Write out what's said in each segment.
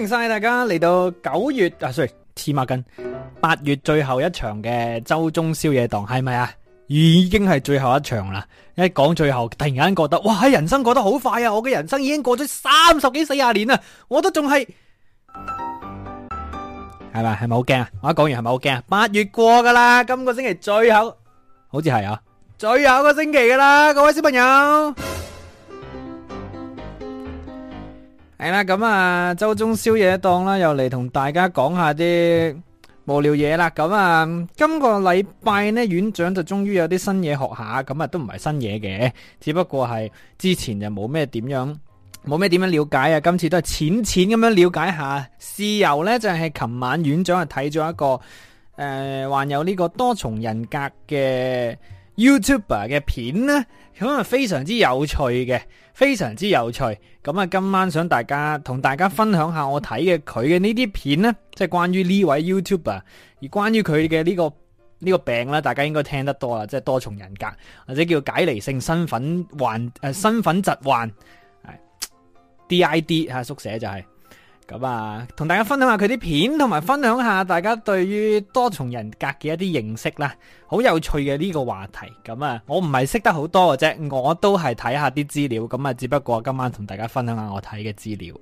歡迎晒大家嚟到九月啊，sorry，黐孖筋。八月最後一場嘅周中宵夜檔係咪啊？已經係最後一場啦。一講最後，突然間覺得哇，人生過得好快啊！我嘅人生已經過咗三十幾四廿年啦，我都仲係係咪？係咪好驚啊？我一講完係咪好驚啊？八月過噶啦，今個星期最後，好似係啊，最後一個星期噶啦。各位小朋友。係、嗯、啦，咁啊，周中宵夜檔啦，又嚟同大家講下啲無聊嘢啦。咁、嗯、啊，今個禮拜呢，院長就終於有啲新嘢學下，咁啊都唔係新嘢嘅，只不過係之前就冇咩點樣，冇咩點樣了解啊。今次都係淺淺咁樣了解下。事由呢，就係、是、琴晚院長係睇咗一個誒、呃，患有呢個多重人格嘅 YouTuber 嘅片呢，咁啊非常之有趣嘅。非常之有趣，咁啊，今晚想大家同大家分享一下我睇嘅佢嘅呢啲片咧，即係關於呢位 YouTuber 而關於佢嘅呢個呢個病啦，大家應該聽得多啦，即係多重人格或者叫解離性身份患誒，身份疾患係 DID 吓縮寫就係、是。咁啊，同大家分享下佢啲片，同埋分享下大家對於多重人格嘅一啲認識啦，好有趣嘅呢個話題。咁啊，我唔係識得好多嘅啫，我都係睇下啲資料。咁啊，只不過今晚同大家分享下我睇嘅資料。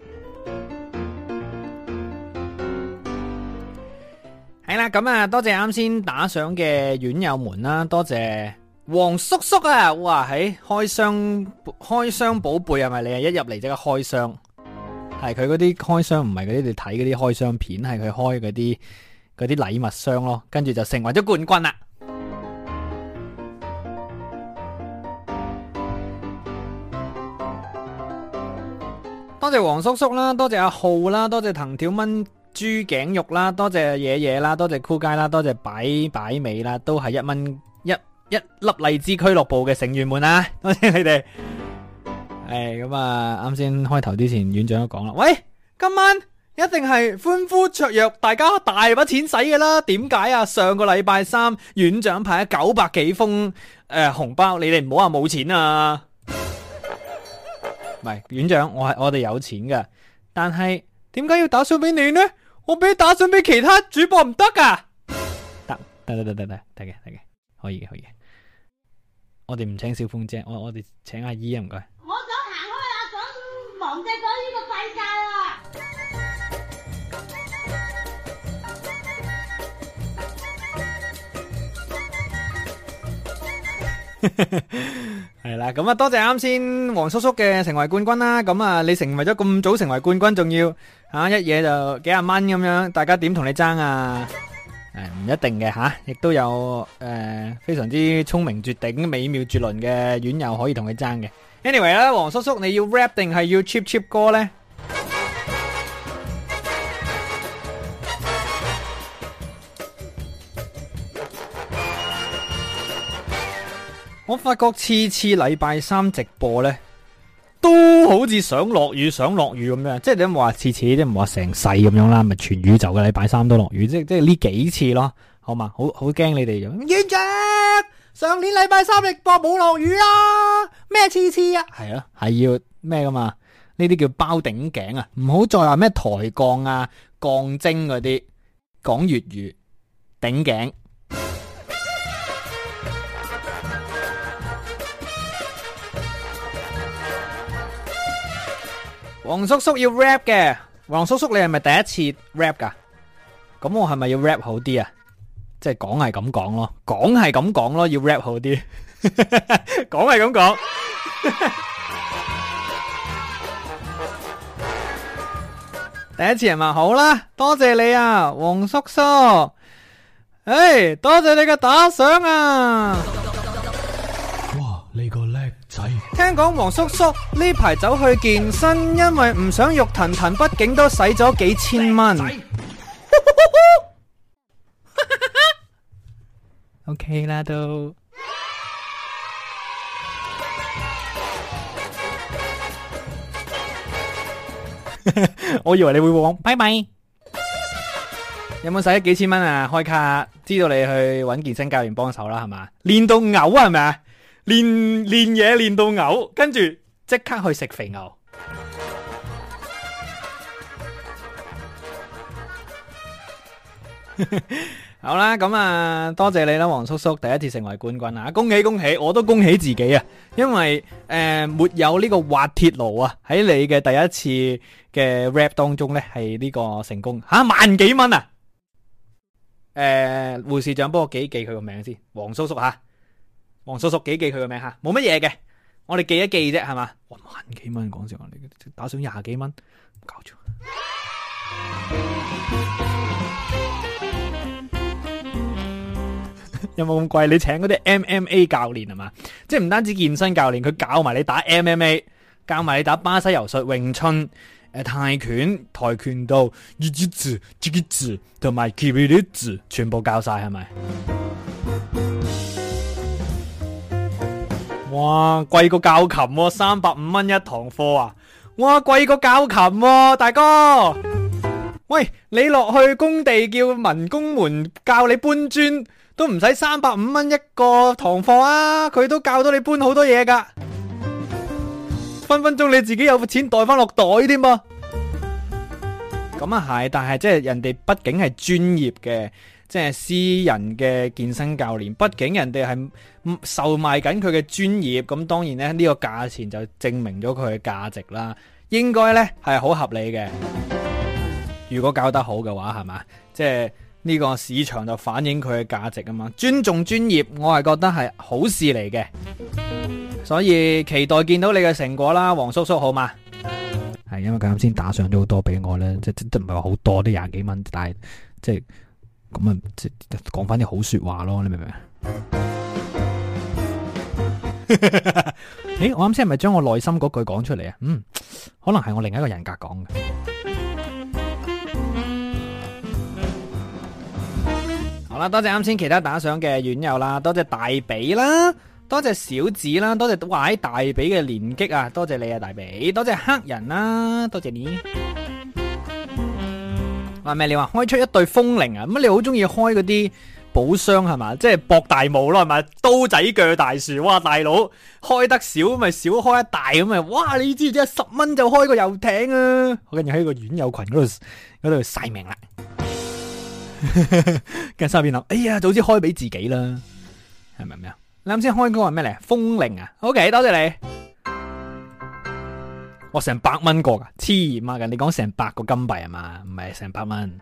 係啦，咁 啊，多謝啱先打賞嘅院友們啦，多謝黃叔叔啊！哇，係開箱開箱寶貝係咪你啊？一入嚟即刻開箱。開箱係佢嗰啲開箱唔係嗰啲。你睇嗰啲開箱片，係佢開嗰啲嗰啲禮物箱咯，跟住就成為咗冠軍啦！多謝黃叔叔啦，多謝阿浩啦，多謝藤條炆豬頸肉啦，多謝爺爺啦，多謝酷街啦，多謝擺擺尾啦，都係一蚊一一粒荔枝俱樂部嘅成員們啦，多謝你哋。誒、哎，咁啊，啱先開頭之前，院長都講啦，喂，今晚一定係歡呼雀躍，大家大把錢使嘅啦。點解啊？上個禮拜三，院長派咗九百幾封誒、呃、紅包，你哋唔好話冇錢啊。唔、嗯、係，院長，我係我哋有錢㗎。但係點解要打賞俾你呢？我俾打賞俾其他主播唔得㗎。得得得得得得，得嘅得嘅，可以嘅可以嘅。我哋唔請小鳳姐，我我哋請阿姨啊唔該。控制咗呢個世界啊！係啦，咁啊，多謝啱先黃叔叔嘅成為冠軍啦。咁啊，你成為咗咁早成為冠軍，仲要吓一嘢就幾廿蚊咁樣，大家點同你爭啊？誒，唔一定嘅吓，亦都有誒非常之聰明絕頂、美妙絕倫嘅選手可以同你爭嘅。Anyway 啦，黃叔叔，你要 rap 定係要 cheap cheap 歌咧？ 我發覺次次禮拜三直播咧，都好似想落雨，想落雨咁樣。即係你唔話次次，即唔話成世咁樣啦，咪全宇宙嘅禮拜三都落雨。即係即係呢幾次咯，好嘛？好好驚你哋咁。Yeah! 上年禮拜三日播冇落雨啊，咩次次啊？係啊，係要咩噶嘛？呢啲叫包頂頸啊！唔好再話咩抬槓啊、槓精嗰啲，講粵語頂頸。黃叔叔要 rap 嘅，黃叔叔你係咪第一次 rap 噶？咁我係咪要 rap 好啲啊？即係講係咁講咯，講係咁講咯，要 rap 好啲，講係咁講。第一次係嘛？好啦，多謝你啊，黃叔叔。誒，多謝你嘅打賞啊！哇，你個叻仔！聽講黃叔叔呢排走去健身，因為唔想肉騰騰，畢竟都使咗幾千蚊。O K 啦都，我以為你會講拜拜。有冇使咗幾千蚊啊？開卡，知道你去揾健身教練幫手啦，係嘛？練到嘔啊，係咪啊？練練嘢練到嘔，跟住即刻去食肥牛。好啦，咁啊，多謝你啦，黃叔叔，第一次成為冠軍啊，恭喜恭喜，我都恭喜自己啊，因為誒，沒有呢個滑鐵爐啊，喺你嘅第一次嘅 rap 當中咧，係呢個成功吓萬幾蚊啊，誒，護士長幫我記記佢個名先，黃叔叔吓，黃叔叔記記佢個名吓，冇乜嘢嘅，我哋記一記啫，係嘛，萬幾蚊講笑話，你打賞廿幾蚊，搞錯。有冇咁貴？你請嗰啲 M M A 教練係嘛？即係唔單止健身教練，佢教埋你打 M M A，教埋你打巴西柔術、詠春、誒、呃、泰拳、跆拳道、一字字、幾個字，同埋 Kiri 字、全部教晒係咪？哇，貴過教琴，啊，三百五蚊一堂課啊！哇，貴過教琴，啊，大哥，喂，你落去工地叫民工們教你搬磚。都唔使三百五蚊一個堂課啊！佢都教到你搬好多嘢噶， 分分鐘你自己有錢袋翻落袋添噃。咁啊係，但係即係人哋畢竟係專業嘅，即係私人嘅健身教練，畢竟人哋係售賣緊佢嘅專業，咁當然呢，呢個價錢就證明咗佢嘅價值啦，應該呢係好合理嘅。如果教得好嘅話，係嘛，即係。呢個市場就反映佢嘅價值啊嘛，尊重專業，我係覺得係好事嚟嘅，所以期待見到你嘅成果啦，黃叔叔好嗎，好嘛？係因為佢啱先打賞咗好多俾我咧，即係即唔係話好多，都廿幾蚊，但係即係咁啊，即係講翻啲好說話咯，你明唔明啊？ 誒，我啱先係咪將我內心嗰句講出嚟啊？嗯，可能係我另一一個人格講嘅。啦、啊，多謝啱先其他打賞嘅院友啦，多謝大髀啦，多謝小子啦，多謝位大髀嘅連擊啊，多謝你啊大髀，多謝黑人啦、啊，多謝你。話咩？你話、啊、開出一對風鈴啊？咁你好中意開嗰啲寶箱係嘛？即係博大帽咯，係咪？刀仔鋸大樹，哇！大佬開得少咪少開一大咁啊！哇！你知唔知十蚊就開個遊艇啊？我今日喺個院友群嗰度嗰度晒命啦。跟住心入邊諗，哎呀，早知開俾自己啦，係咪咩啊？你啱先開歌係咩嚟？風鈴啊，OK，多謝你，我成百蚊個，黐孖嘅，你講成百個金幣吖嘛？唔係成百蚊，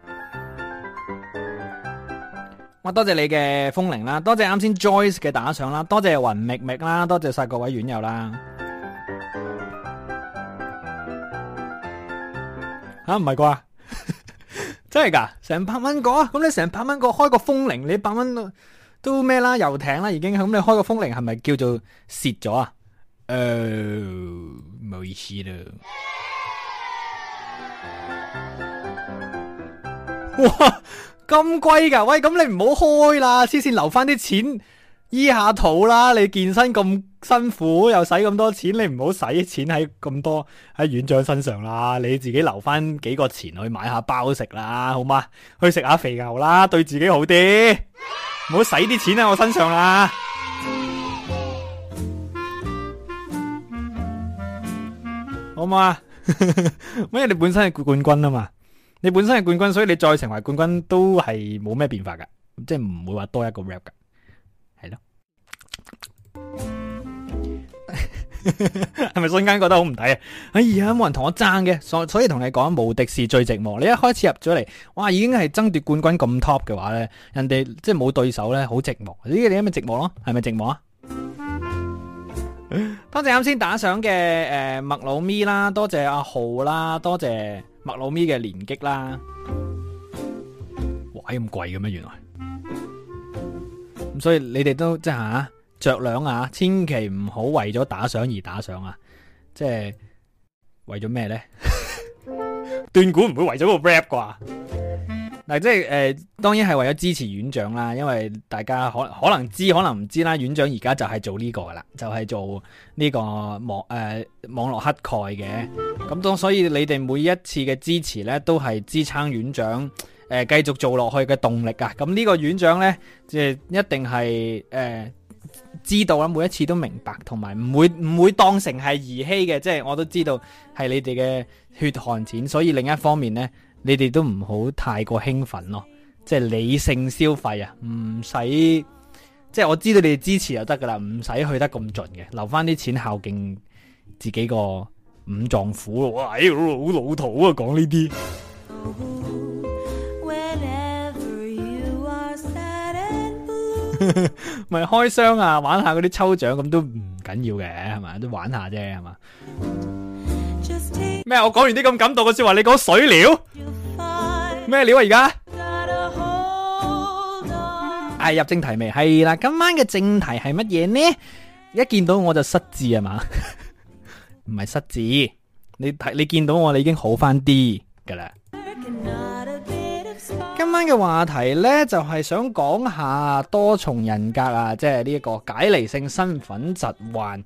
我多謝你嘅風鈴啦，多謝啱先 Joyce 嘅打賞啦，多謝雲覓覓啦，多謝晒各位院友啦，吓唔係啩？真係噶成百蚊個，咁你成百蚊個開個風鈴，你百蚊都咩啦？遊艇啦，已經咁你開個風鈴係咪叫做蝕咗啊？誒、呃，唔好意思咯。哇，咁貴噶？喂，咁你唔好開啦，先先留翻啲錢醫下肚啦。你健身咁。辛苦又使咁多錢，你唔好使錢喺咁多喺院長身上啦，你自己留翻幾個錢去買下包食啦，好嘛？去食下肥牛啦，對自己好啲，唔好使啲錢喺我身上啦，好嘛？因 為你本身係冠軍啊嘛，你本身係冠軍，所以你再成為冠軍都係冇咩變化噶，即係唔會話多一個 rap 噶。係 咪瞬間覺得好唔抵啊？哎呀，冇人同我爭嘅，所以所以同你講無敵是最寂寞。你一開始入咗嚟，哇，已經係爭奪冠軍咁 top 嘅話咧，人哋即係冇對手咧，好寂寞。呢啲你係咪寂寞咯？係咪寂寞啊？多謝啱先打賞嘅誒麥老咪啦，多謝阿浩啦，多謝麥老咪嘅連擊啦。哇，咁貴嘅咩？原來咁，所以你哋都即係。啊着兩啊，千祈唔好為咗打賞而打賞啊！即係為咗咩呢？斷估唔會為咗個 rap 啩？嗱， 即係誒、呃，當然係為咗支持院長啦，因為大家可能可能知可能唔知啦。院長而家就係做呢個噶啦，就係、是、做呢個網誒、呃、網絡乞丐嘅。咁所以你哋每一次嘅支持呢，都係支撐院長誒繼、呃、續做落去嘅動力啊！咁呢個院長呢，即係一定係誒。呃知道啦，每一次都明白，同埋唔會唔會當成係兒戲嘅，即係我都知道係你哋嘅血汗錢，所以另一方面呢，你哋都唔好太過興奮咯，即係理性消費啊，唔使即係我知道你哋支持就得噶啦，唔使去得咁盡嘅，留翻啲錢孝敬自己個五臟腑咯。哇，唉，好老土啊，講呢啲。 咪開箱啊，玩下嗰啲抽獎咁都唔緊要嘅，係嘛，都玩下啫，係嘛。咩？我講完啲咁感動嘅說話，你講水料咩料啊？而家係入正題未？係啦，今晚嘅正題係乜嘢呢？一見到我就失智啊嘛，唔係 失智，你睇你見到我你已經好翻啲噶啦。嘅話題呢，就係、是、想講下多重人格啊，即係呢一個解離性身份疾患，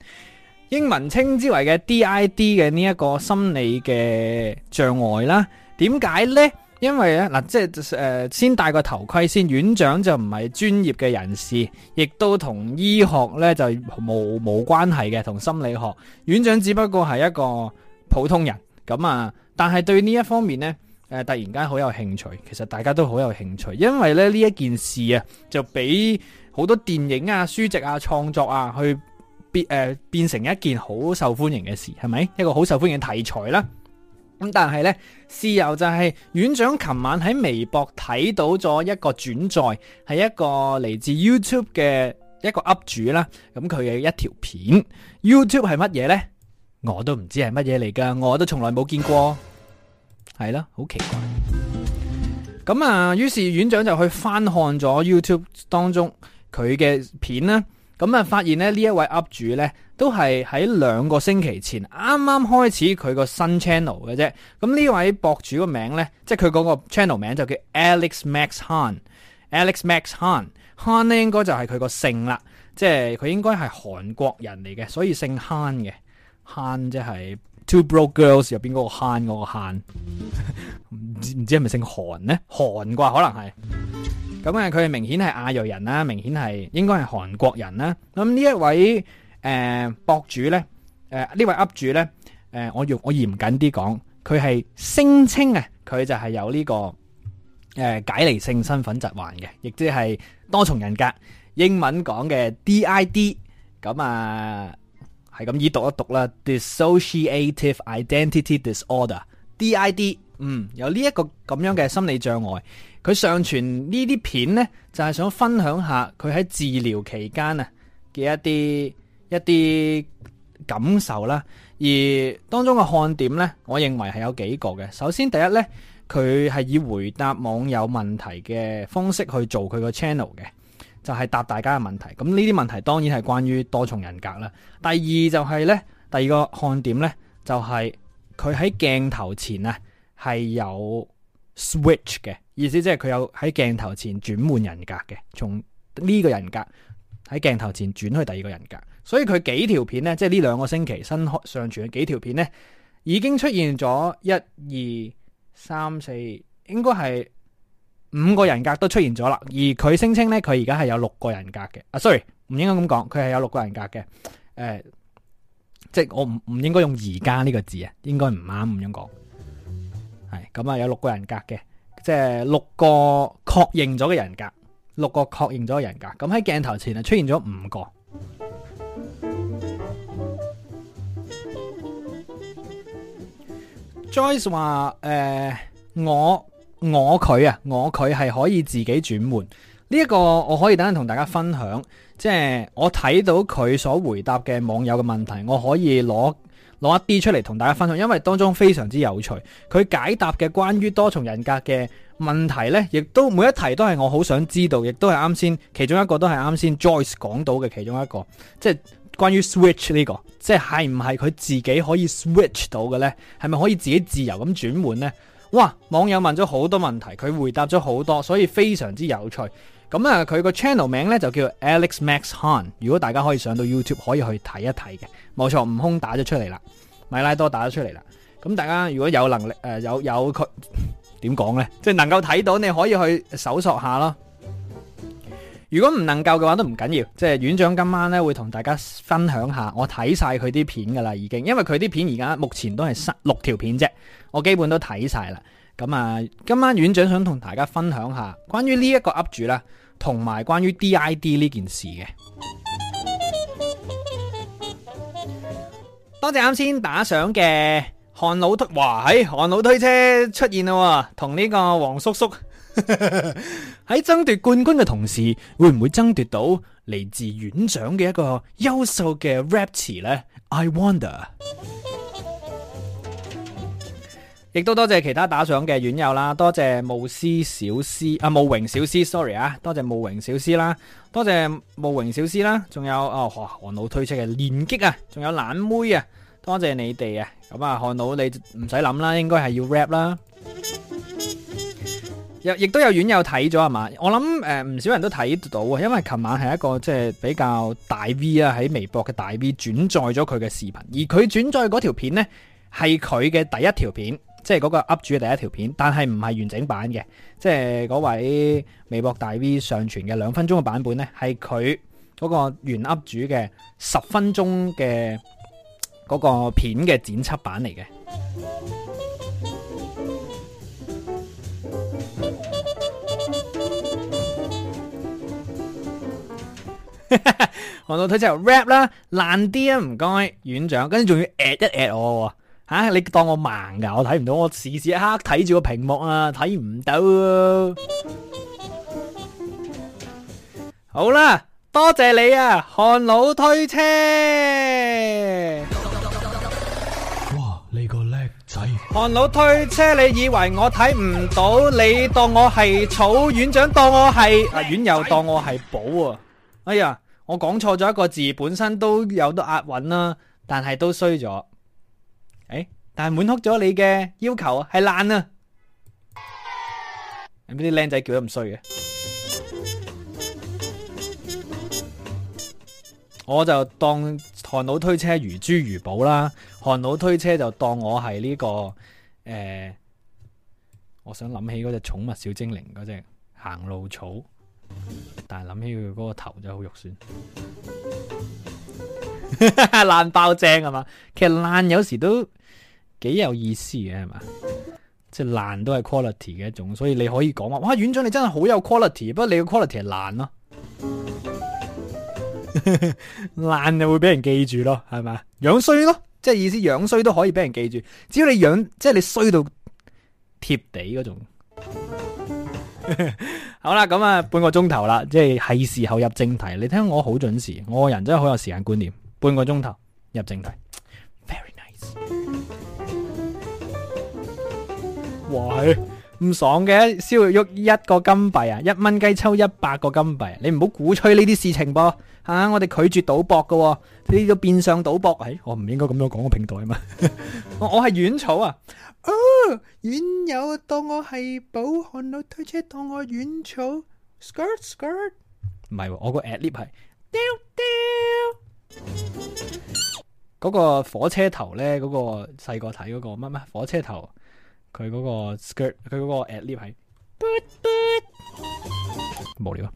英文稱之為嘅 DID 嘅呢一個心理嘅障礙啦。點解呢？因為呢，嗱、啊，即係誒、呃，先戴個頭盔先。院長就唔係專業嘅人士，亦都同醫學呢就冇冇關係嘅，同心理學。院長只不過係一個普通人咁啊，但係對呢一方面呢。誒、呃，突然間好有興趣，其實大家都好有興趣，因為咧呢一件事啊，就俾好多電影啊、書籍啊、創作啊去變誒、呃、變成一件好受歡迎嘅事，係咪？一個好受歡迎嘅題材啦。咁、嗯、但係呢，事由就係院長琴晚喺微博睇到咗一個轉載，係一個嚟自 YouTube 嘅一個 up 主啦。咁佢嘅一條片，YouTube 係乜嘢呢？我都唔知係乜嘢嚟㗎，我都從來冇見過。係啦，好奇怪。咁啊，於是院長就去翻看咗 YouTube 當中佢嘅片啦。咁啊，發現咧呢一位 up 主咧，都係喺兩個星期前啱啱開始佢個新 channel 嘅啫。咁呢位博主個名咧，即係佢嗰個 channel 名就叫 Alex Max Han。Alex Max Han，Han 咧，Han 應該就係佢個姓啦，即係佢應該係韓國人嚟嘅，所以姓 Han 嘅，Han 即係。Two Broke Girls 入邊嗰個韓，嗰個韓，唔唔知係咪姓韓咧？韓啩可能係。咁啊，佢係明顯係亞裔人啦，明顯係應該係韓國人啦。咁呢一位誒博主咧，誒呢位 up 主咧，誒我用我嚴謹啲講，佢係聲稱啊，佢就係有呢個誒解離性身份疾患嘅，亦即係多重人格，英文講嘅 DID。咁啊。係咁，以讀一讀啦。Dissociative Identity Disorder，D.I.D。嗯，有呢一個咁樣嘅心理障礙。佢上傳呢啲片呢，就係想分享下佢喺治療期間啊嘅一啲一啲感受啦。而當中嘅看點呢，我認為係有幾個嘅。首先，第一呢，佢係以回答網友問題嘅方式去做佢個 channel 嘅。就係答大家嘅問題，咁呢啲問題當然係關於多重人格啦。第二就係呢，第二個看點呢，就係佢喺鏡頭前啊，係有 switch 嘅意思，即係佢有喺鏡頭前轉換人格嘅，從呢個人格喺鏡頭前轉去第二個人格。所以佢幾條片呢，即係呢兩個星期新上傳嘅幾條片呢，已經出現咗一二三四，應該係。五個人格都出現咗啦，而佢聲稱咧，佢而家係有六個人格嘅。啊，sorry，唔應該咁講，佢係有六個人格嘅。誒、呃，即係我唔唔應該用而家呢個字啊，應該唔啱咁樣講。係咁啊，有六個人格嘅，即係六個確認咗嘅人格，六個確認咗嘅人格。咁喺鏡頭前啊，出現咗五個。Joyce 話：誒、呃、我。我佢啊，我佢係可以自己轉換呢一個，我可以等下同大家分享，即係我睇到佢所回答嘅網友嘅問題，我可以攞攞一啲出嚟同大家分享，因為當中非常之有趣。佢解答嘅關於多重人格嘅問題呢，亦都每一題都係我好想知道，亦都係啱先其中一個都係啱先 Joyce 講到嘅其中一個，即係關於 switch 呢個，即係係唔係佢自己可以 switch 到嘅呢？係咪可以自己自由咁轉換呢？哇！網友問咗好多問題，佢回答咗好多，所以非常之有趣。咁啊，佢個 channel 名咧就叫 Alex Max Han。如果大家可以上到 YouTube，可以去睇一睇嘅。冇錯，悟空打咗出嚟啦，米拉多打咗出嚟啦。咁大家如果有能力誒、呃、有有佢點講呢？即係能夠睇到，你可以去搜索下咯。如果唔能夠嘅話，都唔緊要。即係院長今晚咧會同大家分享下，我睇晒佢啲片噶啦，已經他的影，因為佢啲片而家目前都係六條片啫。我基本都睇晒啦，咁啊，今晚院長想同大家分享一下關於呢一個 up 主啦，同埋關於 DID 呢件事嘅。多謝啱先打賞嘅韓老推，哇喺韓、哎、老推車出現咯，同呢個黃叔叔喺 爭奪冠軍嘅同時，會唔會爭奪到嚟自院長嘅一個優秀嘅 rap 詞呢？I wonder。亦都多謝其他打賞嘅院友啦，多謝慕思小思啊，慕榮小思，sorry 啊，多謝慕榮小思啦，多謝慕榮小思啦，仲有哦，韓老推出嘅連擊啊，仲有懶妹啊，多謝你哋啊，咁啊，韓老你唔使諗啦，應該係要 rap 啦。亦都有院友睇咗係嘛，我諗誒唔少人都睇到啊，因為琴晚係一個即係比較大 V 啊，喺微博嘅大 V 轉載咗佢嘅視頻，而佢轉載嗰條片呢，係佢嘅第一條片。即係嗰個 up 主嘅第一條片，但係唔係完整版嘅，即係嗰位微博大 V 上傳嘅兩分鐘嘅版本咧，係佢嗰個原 up 主嘅十分鐘嘅嗰個片嘅剪輯版嚟嘅。我度睇住有 rap 啦，爛啲啊，唔該院長，跟住仲要 at 一 at 我。吓、啊！你當我盲噶，我睇唔到，我時時刻刻睇住個屏幕啊，睇唔到啊。好啦，多謝你啊，韓佬推車。哇！你個叻仔。韓佬推車，你以為我睇唔到你？你當我係草？院長當我係啊？院友，又當我係寶啊？哎呀，我講錯咗一個字，本身都有得押韻啦，但係都衰咗。但係滿足咗你嘅要求係爛啊！有啲靚仔叫得咁衰嘅？我就當韓佬推車如珠如寶啦，韓佬推車就當我係呢、這個誒、呃，我想諗起嗰隻寵物小精靈嗰隻行路草，但係諗起佢嗰個頭就好肉酸， 爛爆正係嘛？其實爛有時都～幾有意思嘅係嘛？即係爛都係 quality 嘅一種，所以你可以講話哇，院長你真係好有 quality，不過你嘅 quality 係爛咯，爛 就會俾人記住咯，係咪？樣衰咯，即係意思樣衰都可以俾人記住，只要你樣即係你衰到貼地嗰種。 好啦，咁啊半個鐘頭啦，即係係時候入正題。你聽我好準時，我個人真係好有時間觀念。半個鐘頭入正題。哇係唔爽嘅，燒肉喐一個金幣啊，一蚊雞抽一百個金幣啊，你唔好鼓吹呢啲事情噃，吓，我哋拒絕賭博噶，呢啲都變相賭博。哎，我唔應該咁樣講個平台啊嘛。 我我係軟草啊，哦，軟友當我係寶漢佬推車，當我軟草 skirt skirt。唔係、啊，我個 at lip 係掉掉。嗰個火車頭咧，嗰個細個睇嗰個乜乜火車頭。佢嗰個 skirt，佢嗰個 at lip 係，無聊啊！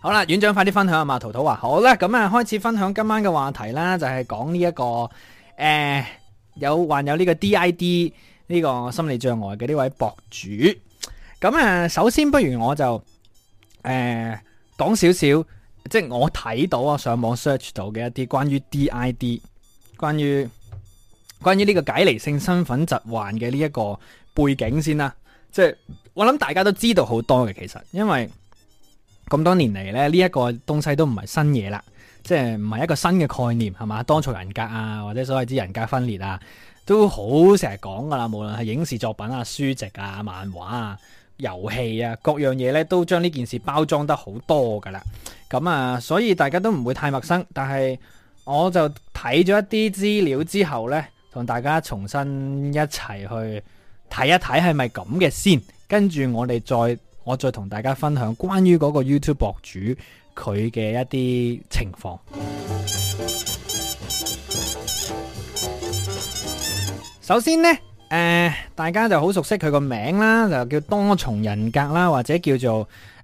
好啦，院長快啲分享桃桃啊嘛！圖圖話好啦，咁啊開始分享今晚嘅話題啦，就係講呢一個誒、呃、有患有呢個 DID 呢個心理障礙嘅呢位博主。咁啊，首先不如我就誒講少少，即係我睇到啊，上網 search 到嘅一啲關於 DID，關於。關於呢個解離性身份疾患嘅呢一個背景先啦，即係我諗大家都知道好多嘅其實，因為咁多年嚟，咧呢一個東西都唔係新嘢啦，即係唔係一個新嘅概念係嘛，多重人格啊或者所謂之人格分裂啊，都好成日講噶啦，無論係影視作品啊、書籍啊、漫畫啊、遊戲啊，各樣嘢咧都將呢件事包裝得好多噶啦，咁啊，所以大家都唔會太陌生。但係我就睇咗一啲資料之後呢。同大家重新一齊去睇一睇係咪咁嘅先，跟住我哋再我再同大家分享關於嗰個 YouTube 博主佢嘅一啲情況。嗯。首先呢，呃，大家就好熟悉佢個名啦，就叫多重人格啦，或者叫做。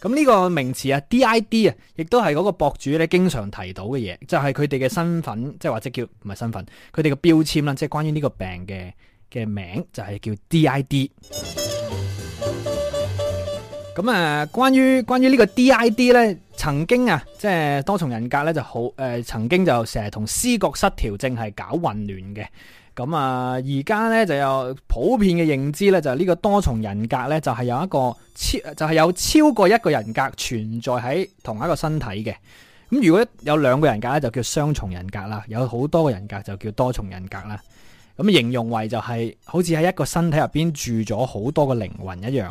咁呢個名詞啊，DID 啊，亦都係嗰個博主咧經常提到嘅嘢，就係佢哋嘅身份，即係或者叫唔係身份，佢哋嘅標籤啦，即係關於呢個病嘅嘅名就係、是、叫 DID。咁啊， 關於關於呢個 DID 呢，曾經啊，即係多重人格呢，就好、呃、曾經就成日同思覺失調症係搞混亂嘅。咁啊，而家咧就有普遍嘅認知咧，就係呢個多重人格咧，就係有一個超，就係、是、有超過一個人格存在喺同一個身體嘅。咁如果有兩個人格咧，就叫雙重人格啦；有好多個人格就叫多重人格啦。咁形容為就係好似喺一個身體入邊住咗好多個靈魂一樣。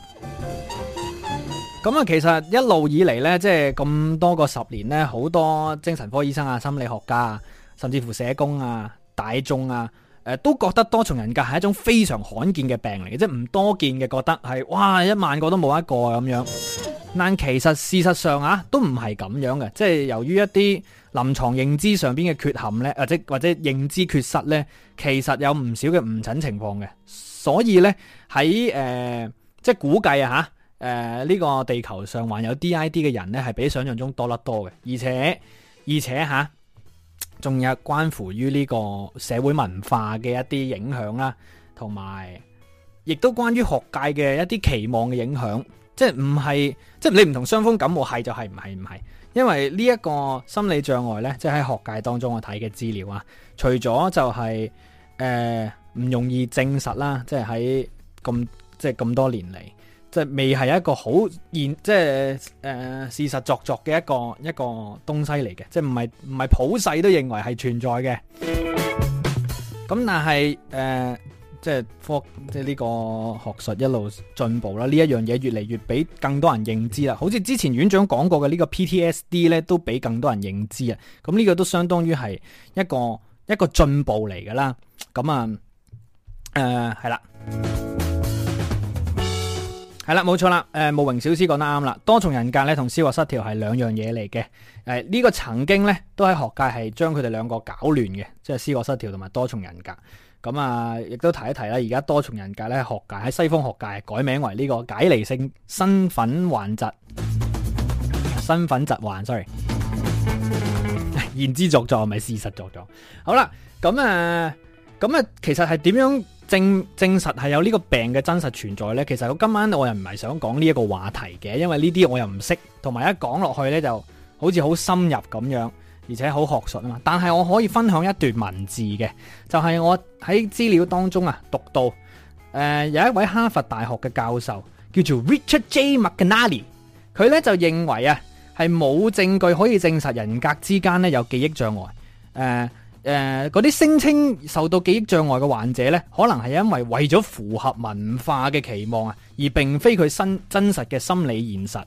咁啊，其實一路以嚟咧，即係咁多個十年咧，好多精神科醫生啊、心理學家啊，甚至乎社工啊、大眾啊。誒都覺得多重人格係一種非常罕見嘅病嚟嘅，即係唔多見嘅。覺得係哇，一萬個都冇一個啊，咁樣。但其實事實上啊，都唔係咁樣嘅。即係由於一啲臨床認知上邊嘅缺陷呢，或者或者認知缺失呢，其實有唔少嘅誤診情況嘅。所以呢，喺、呃、誒即係估計啊嚇誒呢個地球上患有 DID 嘅人呢，係比想象中多得多嘅，而且而且嚇、啊。仲有關乎於呢個社會文化嘅一啲影響啦，同埋亦都關於學界嘅一啲期望嘅影響，即係唔係，即係你唔同雙方感冒係就係唔係唔係，因為呢一個心理障礙呢，即係喺學界當中我睇嘅資料啊，除咗就係誒唔容易證實啦，即係喺咁即係咁多年嚟。即未係一個好現，即係誒、呃、事實作作嘅一個一個東西嚟嘅，即係唔係唔係普世都認為係存在嘅。咁但係誒、呃，即係科即係呢個學術一路進步啦，呢一樣嘢越嚟越俾更多人認知啦。好似之前院長講過嘅呢個 PTSD 咧，都俾更多人認知啊。咁呢個都相當於係一個一個進步嚟噶啦。咁啊誒係啦。呃係啦，冇錯啦，誒，慕榮小詩講得啱啦，多重人格咧同思覺失調係兩樣嘢嚟嘅，誒、呃，呢、這個曾經咧都喺學界係將佢哋兩個搞亂嘅，即係思覺失調同埋多重人格，咁啊，亦都提一提啦，而家多重人格咧學界喺西方學界改名為呢個解離性身份患疾，身份疾患，sorry。 言之鑿鑿係咪事實鑿鑿？好啦，咁啊，咁啊，其實係點樣？證證實係有呢個病嘅真實存在呢。其實我今晚我又唔係想講呢一個話題嘅，因為呢啲我又唔識，同埋一講落去呢，就好似好深入咁樣，而且好學術啊嘛。但係我可以分享一段文字嘅，就係、是、我喺資料當中啊讀到、呃，有一位哈佛大學嘅教授叫做 Richard J. McNally，佢呢就認為啊係冇證據可以證實人格之間呢有記憶障礙，呃誒、呃，嗰啲聲稱受到記憶障礙嘅患者呢，可能係因為為咗符合文化嘅期望啊，而並非佢真真實嘅心理現實，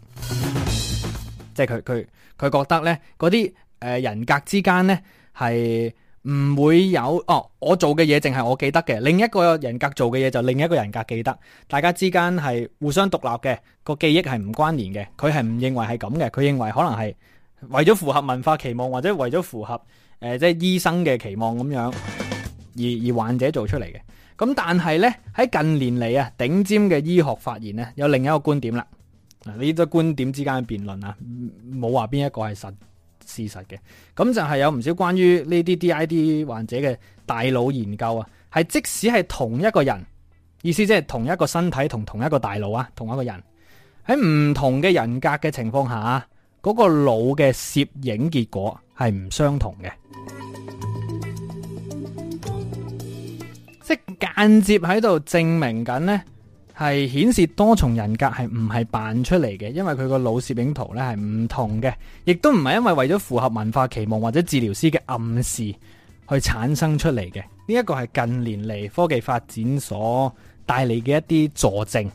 即係佢。即係佢佢佢覺得呢，嗰啲誒，人格之間呢係唔會有哦，我做嘅嘢淨係我記得嘅，另一個人格做嘅嘢，就另一個人格記得，大家之間係互相獨立嘅，個記憶係唔關聯嘅。佢係唔認為係咁嘅，佢認為可能係為咗符合文化期望，或者為咗符合。誒，即係醫生嘅期望咁樣，而而患者做出嚟嘅，咁但係呢，喺近年嚟啊，頂尖嘅醫學發現呢，有另一個觀點啦。嗱，呢個觀點之間嘅辯論啊，冇話邊一個係實事實嘅。咁就係有唔少關於呢啲 DID 患者嘅大腦研究啊，係即使係同一個人，意思即係同一個身體同同一個大腦啊，同一個人喺唔同嘅人格嘅情況下。嗰、那個腦嘅攝影結果係唔相同嘅，即係間接喺度證明緊呢係顯示多重人格係唔係扮出嚟嘅，因為佢個腦攝影圖呢係唔同嘅，亦都唔係因為為咗符合文化期望或者治療師嘅暗示去產生出嚟嘅。呢一個係近年嚟科技發展所帶嚟嘅一啲佐證。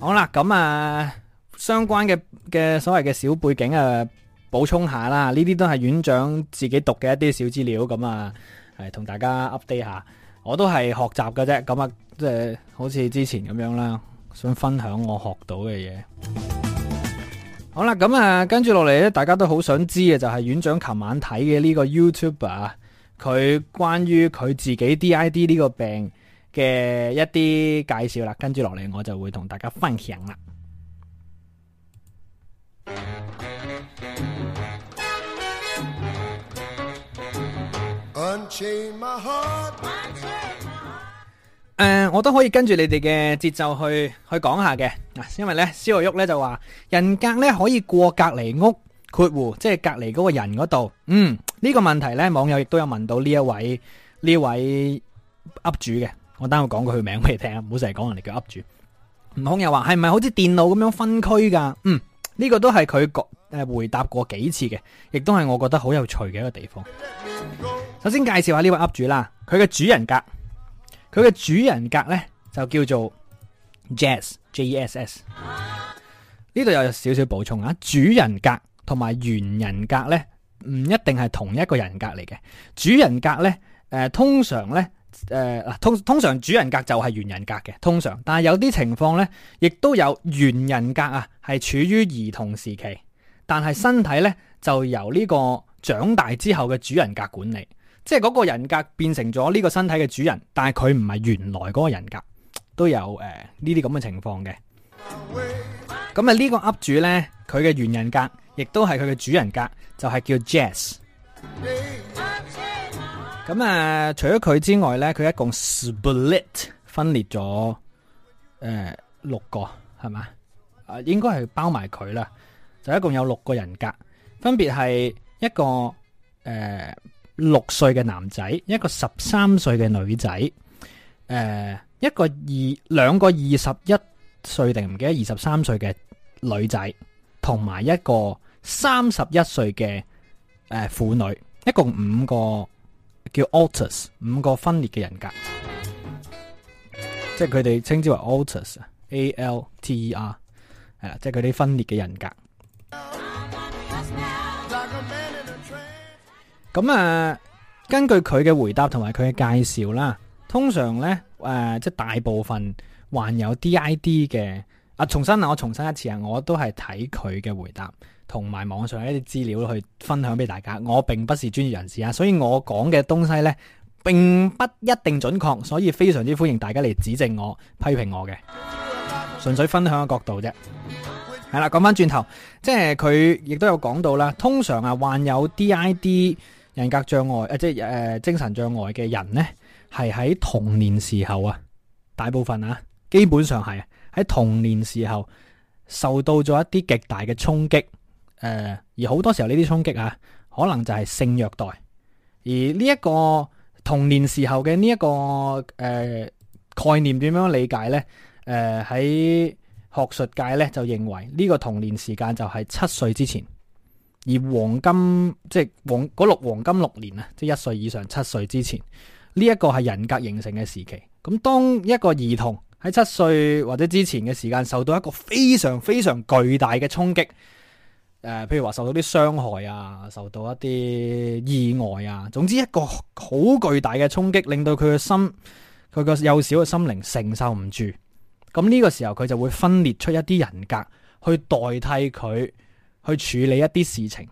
好了。好啦，咁啊～相關嘅嘅所謂嘅小背景啊，補、呃、充一下啦，呢啲都係院長自己讀嘅一啲小資料，咁啊，係同大家 update 下。我都係學習嘅啫，咁啊，即係好似之前咁樣啦，想分享我學到嘅嘢。好啦，咁啊，跟住落嚟咧，大家都好想知嘅就係院長琴晚睇嘅呢個 YouTuber 啊，佢關於佢自己 DID 呢個病嘅一啲介紹啦，跟住落嚟我就會同大家分享啦。嗯、我都可以跟住你哋嘅節奏去去講下嘅啊，因為咧，蕭若旭咧就話人格咧可以過隔籬屋括弧，即係隔籬嗰個人嗰度。嗯，呢、呢個問題咧，網友亦都有問到呢一位呢位 Up 主嘅。我等我講句佢名俾你聽啊，唔好成日講人哋叫 Up 主。唔好又話係唔係好似電腦咁樣分區噶？嗯。呢個都係佢過誒回答過幾次嘅，亦都係我覺得好有趣嘅一個地方。首先介紹下呢位 up 主啦，佢嘅主人格，佢嘅主人格咧就叫做 Jess J E S S。呢度有少少補充啊，主人格同埋原人格咧唔一定係同一個人格嚟嘅。主人格咧誒、呃，通常咧誒、呃，通通常主人格就係原人格嘅，通常，但係有啲情況咧，亦都有原人格啊。係處於兒童時期，但係身體咧就由呢個長大之後嘅主人格管理，即係嗰個人格變成咗呢個身體嘅主人，但係佢唔係原來嗰個人格，都有誒呢啲咁嘅情況嘅。咁啊呢個 up 主咧，佢嘅原人格亦都係佢嘅主人格，就係、係、叫 Jazz。咁啊、 呃，除咗佢之外咧，佢一共 split 分裂咗誒、呃、六個係咪？係啊，應該係包埋佢啦，就一共有六個人格，分別係一個誒、呃、六歲嘅男仔，一個十三歲嘅女仔，誒、呃、一個二兩個二十一歲定唔記得二十三歲嘅女仔，同埋一個三十一歲嘅誒婦女，一共五個叫 alters 五個分裂嘅人格，即係佢哋稱之為 alters，a l t e r。係啦，即係佢啲分裂嘅人格。咁啊，根據佢嘅回答同埋佢嘅介紹啦，通常呢，誒、呃，即係大部分患有 DID 嘅啊，重新啊，我重申一次啊，我都係睇佢嘅回答同埋網上一啲資料去分享俾大家。我並不是專業人士啊，所以我講嘅東西呢並不一定準確，所以非常之歡迎大家嚟指正我、批評我嘅。純粹分享嘅角度啫，係啦，講翻轉頭，即係佢亦都有講到啦。通常啊，患有 DID 人格障礙，即係誒、呃、精神障礙嘅人呢，係喺童年時候啊，大部分啊，基本上係喺童年時候受到咗一啲極大嘅衝擊誒、呃，而好多時候呢啲衝擊啊，可能就係性虐待。而呢一個童年時候嘅呢一個誒、呃、概念點樣理解呢？誒、呃，喺學術界咧就認為呢個童年時間就係七歲之前，而黃金即係黃六黃金六年啊，即係一歲以上七歲之前呢一個係人格形成嘅時期。咁當一個兒童喺七歲或者之前嘅時間受到一個非常非常巨大嘅衝擊，誒、呃，譬如話受到啲傷害啊，受到一啲意外啊，總之一個好巨大嘅衝擊，令到佢嘅心佢個幼小嘅心靈承受唔住。咁、這、呢個時候佢就會分裂出一啲人格去代替佢去處理一啲事情，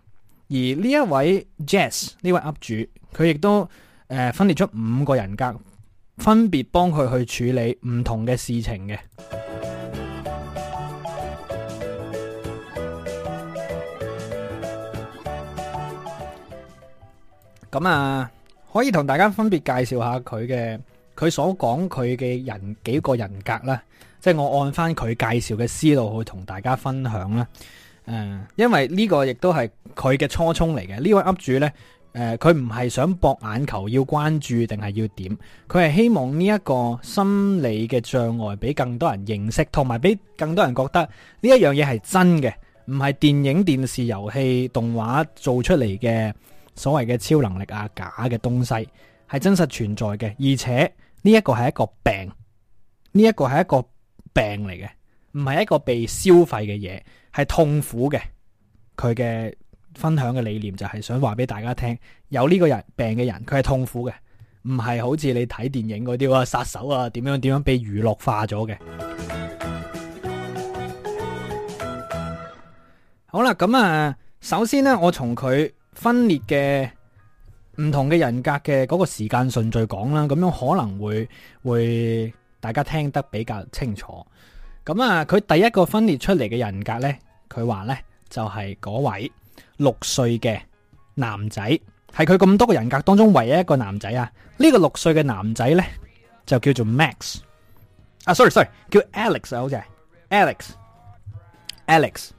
而呢一位 Jazz 呢位 up 主，佢亦都誒分裂出五個人格，分別幫佢去處理唔同嘅事情嘅。咁、嗯、啊，可以同大家分別介紹下佢嘅佢所講佢嘅人幾個人格啦。即係我按翻佢介紹嘅思路去同大家分享啦。誒、呃，因為呢個亦都係佢嘅初衷嚟嘅。呢位 up 主呢，誒、呃，佢唔係想博眼球要關注要，定係要點？佢係希望呢一個心理嘅障礙俾更多人認識，同埋俾更多人覺得呢一樣嘢係真嘅，唔係電影、電視、遊戲、動畫做出嚟嘅所謂嘅超能力啊，假嘅東西係真實存在嘅，而且呢一、這個係一個病，呢、這個、一個係一個。病嚟嘅，唔係一個被消費嘅嘢，係痛苦嘅。佢嘅分享嘅理念就係想話俾大家聽，有呢個人病嘅人，佢係痛苦嘅，唔係好似你睇電影嗰啲啊，殺手啊，點樣點樣被娛樂化咗嘅。嗯。好啦，咁啊，首先呢，我從佢分裂嘅唔同嘅人格嘅嗰個時間順序講啦，咁樣可能會會。大家聽得比較清楚，咁啊，佢第一個分裂出嚟嘅人格呢，佢話呢，就係嗰位六歲嘅男仔，係佢咁多個人格當中唯一一個男仔啊！呢個六歲嘅男仔呢，就叫做 Max，啊 sorry sorry 叫 Alex 啊好似係 Alex Alex，Alex，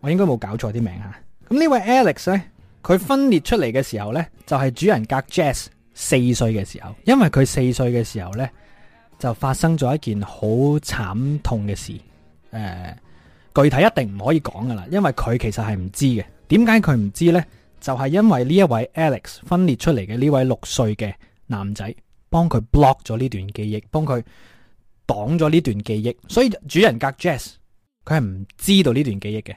我應該冇搞錯啲名吓。咁呢位 Alex 呢，佢分裂出嚟嘅時候呢，就係主人格 Jazz。四歲嘅時候，因為佢四歲嘅時候呢，就發生咗一件好慘痛嘅事。誒、呃，具體一定唔可以講噶啦，因為佢其實係唔知嘅。點解佢唔知呢？就係因為呢一位 Alex 分裂出嚟嘅呢位六歲嘅男仔，幫佢 block 咗呢段記憶，幫佢擋咗呢段記憶，所以主人格 Jazz 佢係唔知道呢段記憶嘅，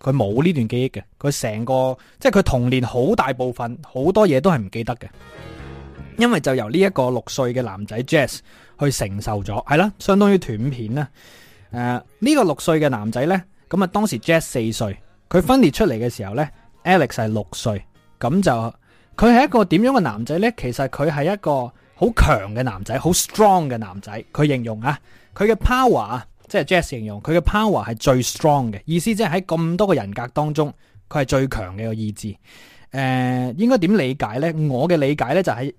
佢冇呢段記憶嘅，佢成個即係佢童年好大部分好多嘢都係唔記得嘅。因為就由呢一個六歲嘅男仔 Jazz 去承受咗，係啦，相當於斷片啦，呃。誒，呢個六歲嘅男仔呢，咁啊，當時 Jazz 四歲，佢分裂出嚟嘅時候呢 Alex 係六歲，咁就佢係一個點樣嘅男仔呢？其實佢係一個好強嘅男仔，好 strong 嘅男仔。佢形容啊，佢嘅 power 即係 Jazz 形容佢嘅 power 係最 strong 嘅，意思即係喺咁多個人格當中，佢係最強嘅個意志。誒、呃，應該點理解呢？我嘅理解呢，就喺、是。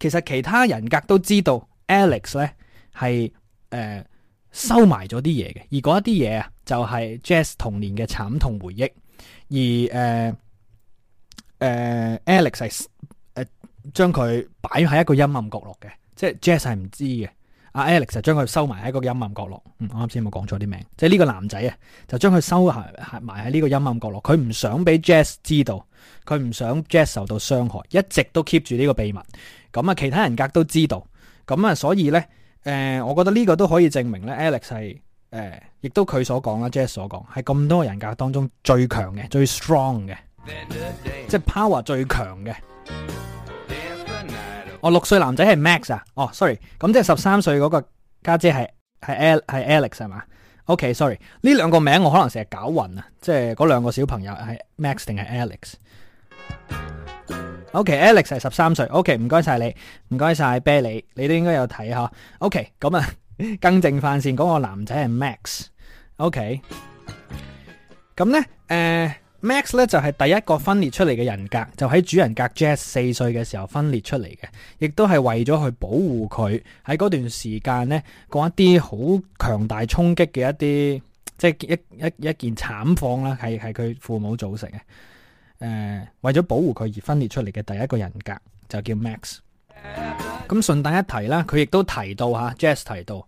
其實其他人格都知道 Alex 咧，係誒，收埋咗啲嘢嘅，而嗰一啲嘢啊就係 Jazz 童年嘅慘痛回憶，而誒誒、呃呃、Alex 係誒、呃、將佢擺喺一個陰暗角落嘅，即係 Jazz 係唔知嘅。阿 Alex 就將佢收埋喺個個陰暗角落。嗯，我啱先冇講錯啲名？即係呢個男仔啊，就將佢收埋喺埋喺呢個陰暗角落。佢唔想俾 Jess 知道，佢唔想 Jess 受到傷害，一直都 keep 住呢個秘密。咁啊，其他人格都知道。咁啊，所以呢，誒，我覺得呢個都可以證明呢。Alex 係誒，亦都佢所講啦，Jess 所講係咁多人格當中最強嘅，最 strong 嘅，即係 power 最強嘅。我六歲男仔係 Max 啊，哦，sorry，咁即係十三歲嗰個家姐係係 Alex 係嘛？OK，sorry，呢兩個名我可能成日搞混啊，即係嗰兩個小朋友係 Max 定係 Alex？OK，Alex 係十三歲，OK，唔該晒你，唔該晒 Billy，你都應該有睇下，OK，咁啊，更正翻先，嗰個男仔係 Max，OK，咁咧誒。Max 咧就係、是、第一個分裂出嚟嘅人格，就喺主人格 Jazz 四歲嘅時候分裂出嚟嘅，亦都係為咗去保護佢喺嗰段時間呢，些很強的一啲好強大衝擊嘅一啲，即係一一一件慘況啦，係係佢父母組成嘅。誒、呃，為咗保護佢而分裂出嚟嘅第一個人格就叫 Max。咁順帶一提啦，佢亦都提到吓、啊、Jazz 提到，誒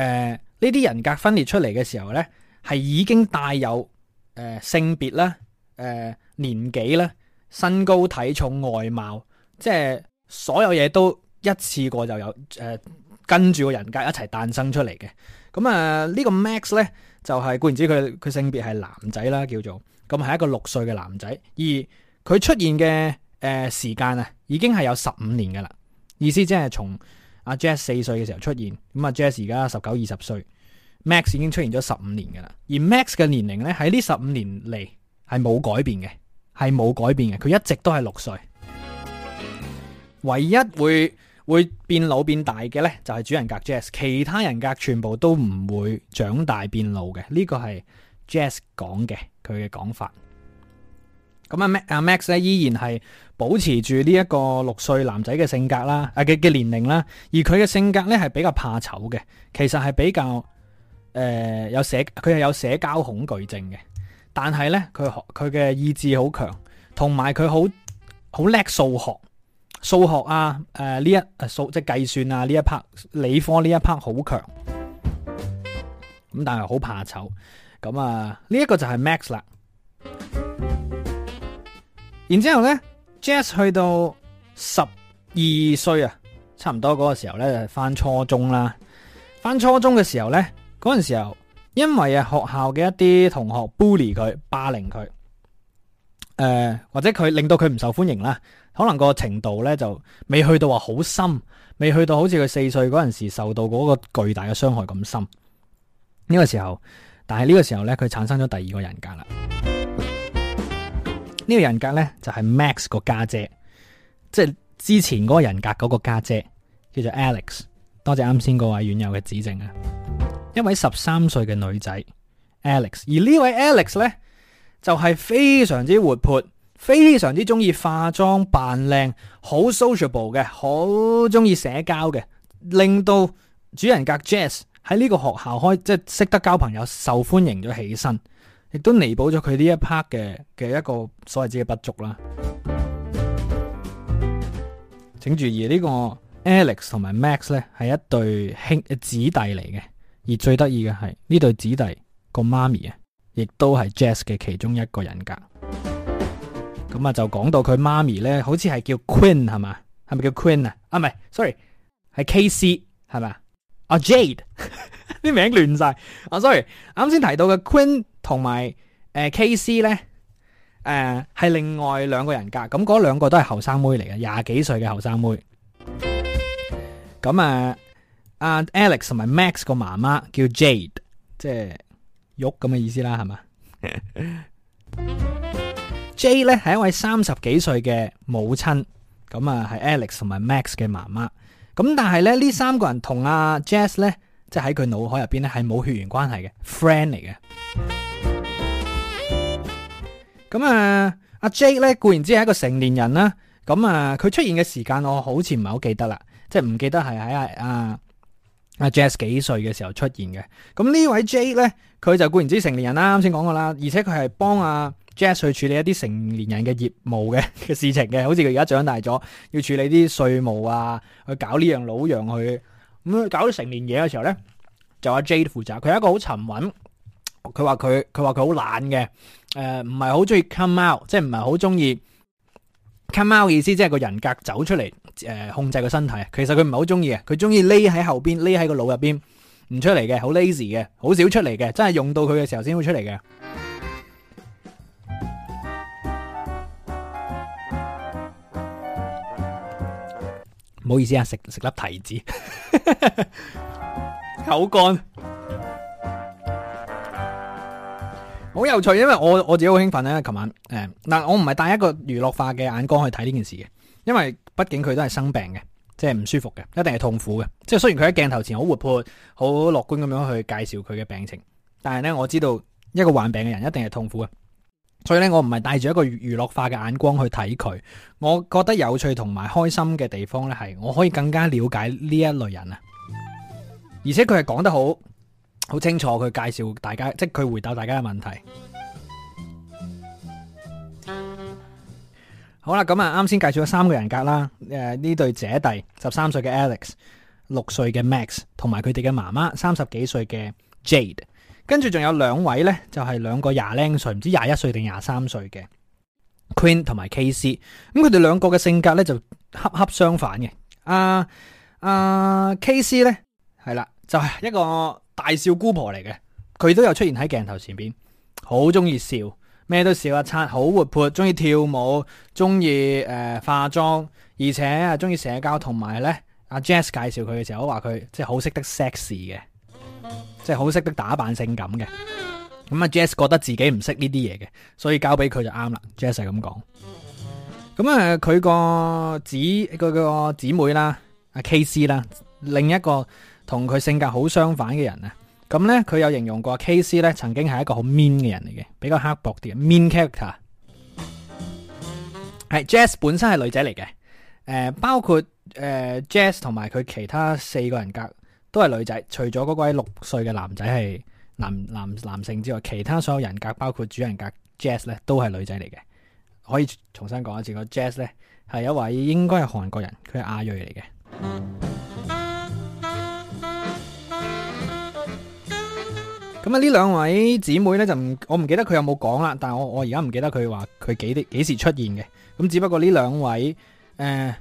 呢啲人格分裂出嚟嘅時候呢，係已經帶有誒、呃、性別啦。誒、呃，年紀咧，身高、體重、外貌，即係所有嘢都一次過就有誒、呃，跟住個人格一齊誕生出嚟嘅。咁、嗯、啊、呢、呃，這個 Max 咧就係、是、固然之佢佢性別係男仔啦，叫做咁係一個六歲嘅男仔。而佢出現嘅誒、呃、時間啊，已經係有十五年噶啦。意思即係從阿、啊、Jazz 四歲嘅時候出現，咁啊 Jazz 而家十九二十歲，Max 已經出現咗十五年噶啦。而 Max 嘅年齡咧喺呢十五年嚟。係冇改變嘅，係冇改變嘅。佢一直都係六歲，唯一會會變老變大嘅呢就係、是、主人格 Jazz，其他人格全部都唔會長大變老嘅。呢、這個係 Jazz 講嘅，佢嘅講法。咁啊，Max 依然係保持住呢一個六歲男仔嘅性格啦，啊嘅嘅年齡啦，而佢嘅性格呢係比較怕醜嘅，其實係比較誒、呃、有社，佢係有社交恐懼症嘅。但係咧，佢學佢嘅意志好強，同埋佢好好叻數學，數學啊，誒呢一誒數即係計算啊呢一 part 理科呢一 part 好強。咁但係好怕醜。咁啊，呢一個就係 Max 啦。然之後咧，Jazz 去到十二歲啊，差唔多嗰個時候咧就係翻初中啦。翻初中嘅時候咧，嗰陣時候。因為啊，學校嘅一啲同學 bully 佢，霸凌佢，誒、呃、或者佢令到佢唔受歡迎啦，可能個程度咧就未去到話好深，未去到好似佢四歲嗰陣時受到嗰個巨大嘅傷害咁深。呢個時候，但係呢個時候咧，佢產生咗第二個人格啦。呢個人格咧就係 Max 個家姐，即係之前嗰個人格嗰個家姐叫做 Alex。多謝啱先嗰位院友嘅指正啊！一位十三歲嘅女仔 Alex，而呢位 Alex 呢，就係、是、非常之活潑，非常之中意化妝扮靚，好 sociable 嘅，好中意社交嘅，令到主人格 Jazz 喺呢個學校開，即、就、係、是、識得交朋友，受歡迎咗起身，亦都彌補咗佢呢一 part 嘅嘅一個所謂之嘅不足啦。 請注意呢、這個 Alex 同埋 Max 呢，係一對兄子弟嚟嘅。而最得意嘅係呢對子弟個媽咪啊，亦都係 Jazz 嘅其中一個人格。咁啊，就講到佢媽咪咧，好似係叫 Queen 係嘛，係咪叫 Queen 啊？啊，唔係，sorry，係 KC 係咪？啊、oh，Jade 啲 名亂晒啊，sorry，啱先提到嘅 Queen 同埋誒 KC 咧，誒、呃、係另外兩個人格，咁嗰兩個都係後生妹嚟嘅，廿幾歲嘅後生妹。咁啊。阿、uh, Alex 同埋 Max 個媽媽叫 Jade，即係玉咁嘅意思啦，係嘛 ？Jade 咧係一位三十幾歲嘅母親，咁啊係 Alex 同埋 Max 嘅媽媽。咁但係咧，呢這三個人同阿、啊、Jazz 咧，即係喺佢腦海入邊咧係冇血緣關係嘅 friend 嚟嘅。咁啊，阿、uh, Jade 咧固然之係一個成年人啦。咁啊，佢、uh, 出現嘅時間我好似唔係好記得啦，即係唔記得係喺阿。Uh, 阿 Jazz 幾歲嘅時候出現嘅？咁呢位 Jade 咧，佢就固然之成年人啦，啱先講過啦，而且佢係幫阿 Jazz 去處理一啲成年人嘅業務嘅嘅事情嘅，好似佢而家長大咗，要處理啲稅務啊，去搞呢樣老樣去，咁搞成年嘢嘅時候咧，就阿 Jade 負責。佢係一個好沉穩，佢話佢佢話佢好懶嘅，誒唔係好中意 come out，即係唔係好中意 come out 意思即係個人格走出嚟。誒，控制個身體，其實佢唔係好中意啊，佢中意匿喺後邊，匿喺個腦入邊，唔出嚟嘅，好 lazy 嘅，好少出嚟嘅，真係用到佢嘅時候先會出嚟嘅。唔 好意思啊，食食粒提子， 口乾，好有趣，因為我我自己好興奮咧、啊。琴晚誒，嗱、嗯，但我唔係帶一個娛樂化嘅眼光去睇呢件事嘅，因為。畢竟佢都係生病嘅，即係唔舒服嘅，一定係痛苦嘅。即係雖然佢喺鏡頭前好活潑、好樂觀咁樣去介紹佢嘅病情，但係呢，我知道一個患病嘅人一定係痛苦嘅。所以咧，我唔係帶住一個娛樂化嘅眼光去睇佢。我覺得有趣同埋開心嘅地方呢，係我可以更加了解呢一類人啊。而且佢係講得好，好清楚。佢介紹大家，即係佢回答大家嘅問題。好啦，咁啊，啱先介紹咗三個人格啦。誒、呃，呢對姐弟，十三歲嘅 Alex，六歲嘅 Max，同埋佢哋嘅媽媽，三十幾歲嘅 Jade。跟住仲有兩位呢，就係、是、兩個廿零歲，唔知廿一歲定廿三歲嘅 Queen 同埋 KC、嗯。咁佢哋兩個嘅性格呢，就恰恰相反嘅。啊啊，KC 呢，係啦，就係、是、一個大笑姑婆嚟嘅。佢都有出現喺鏡頭前邊，好中意笑。咩都笑啊！刷好活潑，中意跳舞，中意誒化妝，而且啊中意社交，同埋咧阿 Jazz 介紹佢嘅時候，我話佢即係好識得 sexy 嘅，即係好識得打扮性感嘅。咁、嗯、啊 Jazz 覺得自己唔識呢啲嘢嘅，所以交俾佢就啱啦。Jazz 係咁講。咁、嗯、啊佢個姊佢個姊妹啦，阿、啊、KC 啦，另一個同佢性格好相反嘅人啊。咁咧，佢有形容過 K.C 咧，曾經係一個好 mean 嘅人嚟嘅，比較刻薄啲嘅 mean character。係 Jazz 本身係女仔嚟嘅，誒包括誒 Jazz 同埋佢其他四個人格都係女仔，除咗嗰位六歲嘅男仔係男男男，男性之外，其他所有人格包括主人格 Jazz 咧都係女仔嚟嘅。可以重新講一次，個 Jazz 咧係一位應該係韓國人，佢係亞裔嚟嘅。嗯咁呢兩位姊妹咧就唔，我唔記得佢有冇講啦。但係我我而家唔記得佢話佢幾啲幾時出現嘅。咁只不過呢兩位誒、呃、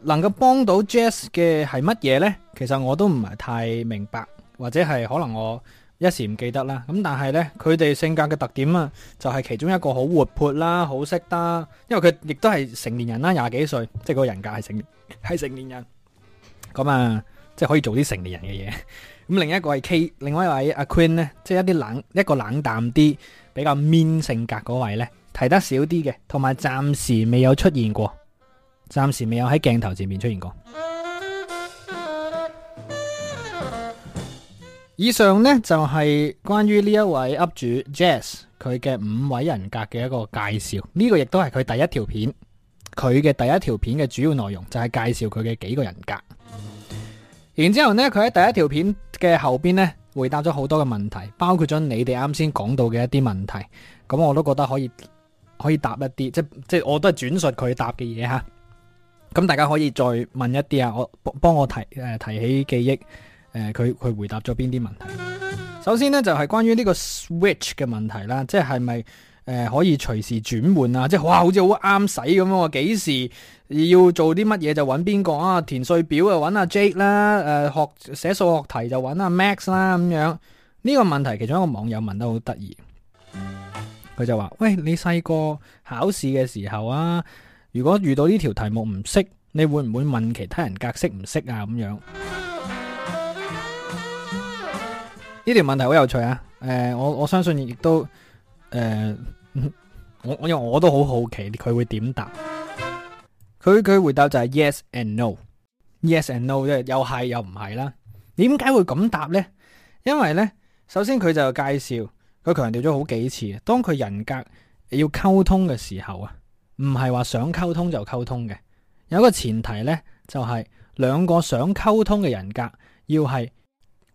能夠幫到 Jazz 嘅係乜嘢呢？其實我都唔係太明白，或者係可能我一時唔記得啦。咁但係呢，佢哋性格嘅特點啊，就係其中一個好活潑啦，好識得。因為佢亦都係成年人啦，廿幾歲，即係嗰個人格係成係成年人。咁啊，即係可以做啲成年人嘅嘢。咁另一個係 K，另外一位阿、啊、Queen 咧，即係一啲冷一個冷淡啲比較 mean 性格嗰位咧，提得少啲嘅，同埋暫時未有出現過，暫時未有喺鏡頭前面出現過。以上呢就係、是、關於呢一位 Up 主 Jess 佢嘅五位人格嘅一個介紹，呢、這個亦都係佢第一條片，佢嘅第一條片嘅主要內容就係介紹佢嘅幾個人格。然之後呢，佢喺第一條片。嘅後邊呢，回答咗好多嘅問題，包括咗你哋啱先講到嘅一啲問題，咁我都覺得可以可以答一啲，即即我都係轉述佢答嘅嘢哈。咁大家可以再問一啲啊，我幫我提誒、呃、提起記憶、呃、佢佢回答咗邊啲問題。首先呢，就係、是、關於呢個 switch 嘅問題啦，即係咪？誒、呃，可以隨時轉換啊！即係哇，好似好啱使咁啊！幾時要做啲乜嘢就揾邊個啊？填稅表就揾阿 Jake 啦，誒，學寫數學題就揾阿、啊、Max 啦咁樣。呢、這個問題，其中一個網友問得好得意，佢就話：喂，你細個考試嘅時候啊，如果遇到呢條題目唔識，你會唔會問其他人格式唔識啊？咁樣呢 條問題好有趣啊！誒、呃，我我相信亦都。誒、uh，我我因為我都好好奇佢會點答，佢佢回答就係 yes and no，yes and no 又係又唔係啦。點解會咁答呢？因為呢，首先佢就介紹，佢強調咗好幾次，當佢人格要溝通嘅時候啊，唔係話想溝通就溝通嘅，有個前提呢，就係、是、兩個想溝通嘅人格要係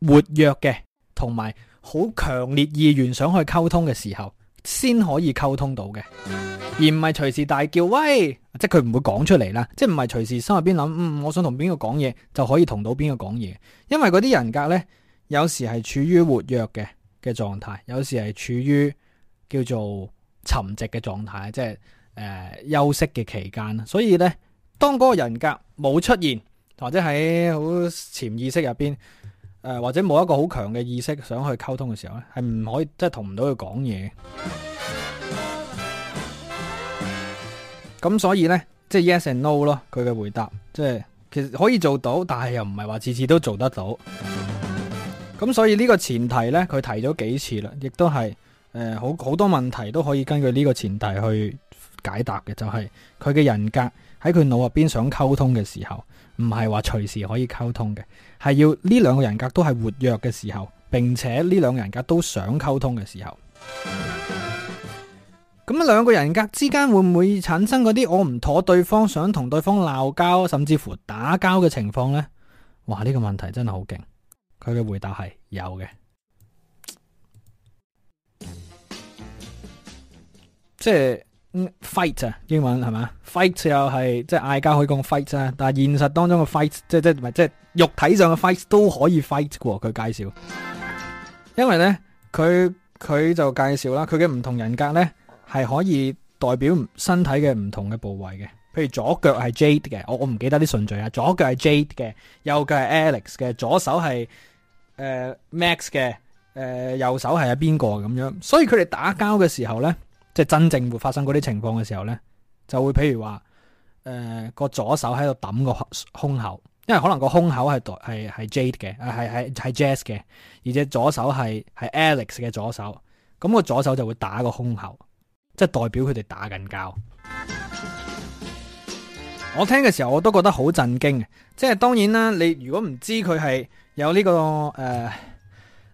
活躍嘅，同埋好強烈意願想去溝通嘅時候，先可以溝通到嘅，而唔係隨時大叫喂，即係佢唔會講出嚟啦，即係唔係隨時心入邊諗，嗯，我想同邊個講嘢，就可以同到邊個講嘢，因為嗰啲人格呢，有時係處於活躍嘅嘅狀態，有時係處於叫做沉寂嘅狀態，即係誒、呃、休息嘅期間，所以呢，當嗰個人格冇出現或者喺好潛意識入邊。誒，或者冇一個好強嘅意識想去溝通嘅時候咧，係唔可以即係同唔到佢講嘢。咁 所以呢，即係 yes and no 咯，佢嘅回答即係其實可以做到，但係又唔係話次次都做得到。咁 所以呢個前提呢，佢提咗幾次啦，亦都係誒好好多問題都可以根據呢個前提去解答嘅，就係佢嘅人格喺佢腦入邊想溝通嘅時候。唔係話隨時可以溝通嘅，係要呢兩個人格都係活躍嘅時候，並且呢兩個人格都想溝通嘅時候。咁兩個人格之間會唔會產生嗰啲我唔妥對方想同對方鬧交，甚至乎打交嘅情況呢？哇！呢個問題真係好勁。佢嘅回答係有嘅，即係。嗯，fight 啊，英文係嘛？fight 又係即係嗌交可以講 fight 啊，但係現實當中嘅 fight，即係即係即係肉體上嘅 fight 都可以 fight 嘅，佢介紹，因為咧，佢佢就介紹啦，佢嘅唔同人格咧，係可以代表身體嘅唔同嘅部位嘅，譬如左腳係 Jade 嘅，我我唔記得啲順序啊，左腳係 Jade 嘅，右腳係 Alex 嘅，左手係誒、呃、Max 嘅，誒、呃、右手係阿邊個咁樣，所以佢哋打交嘅時候咧，即係真正會發生嗰啲情況嘅時候呢，就會譬如話，誒、呃、個左手喺度揼個胸口，因為可能個胸口係代係係 Jade 嘅，啊係係 Jazz 嘅，而且左手係係 Alex 嘅左手，咁個左手就會打個胸口，即係代表佢哋打緊交。 我聽嘅時候我都覺得好震驚，即係當然啦，你如果唔知佢係有呢、呢個誒、呃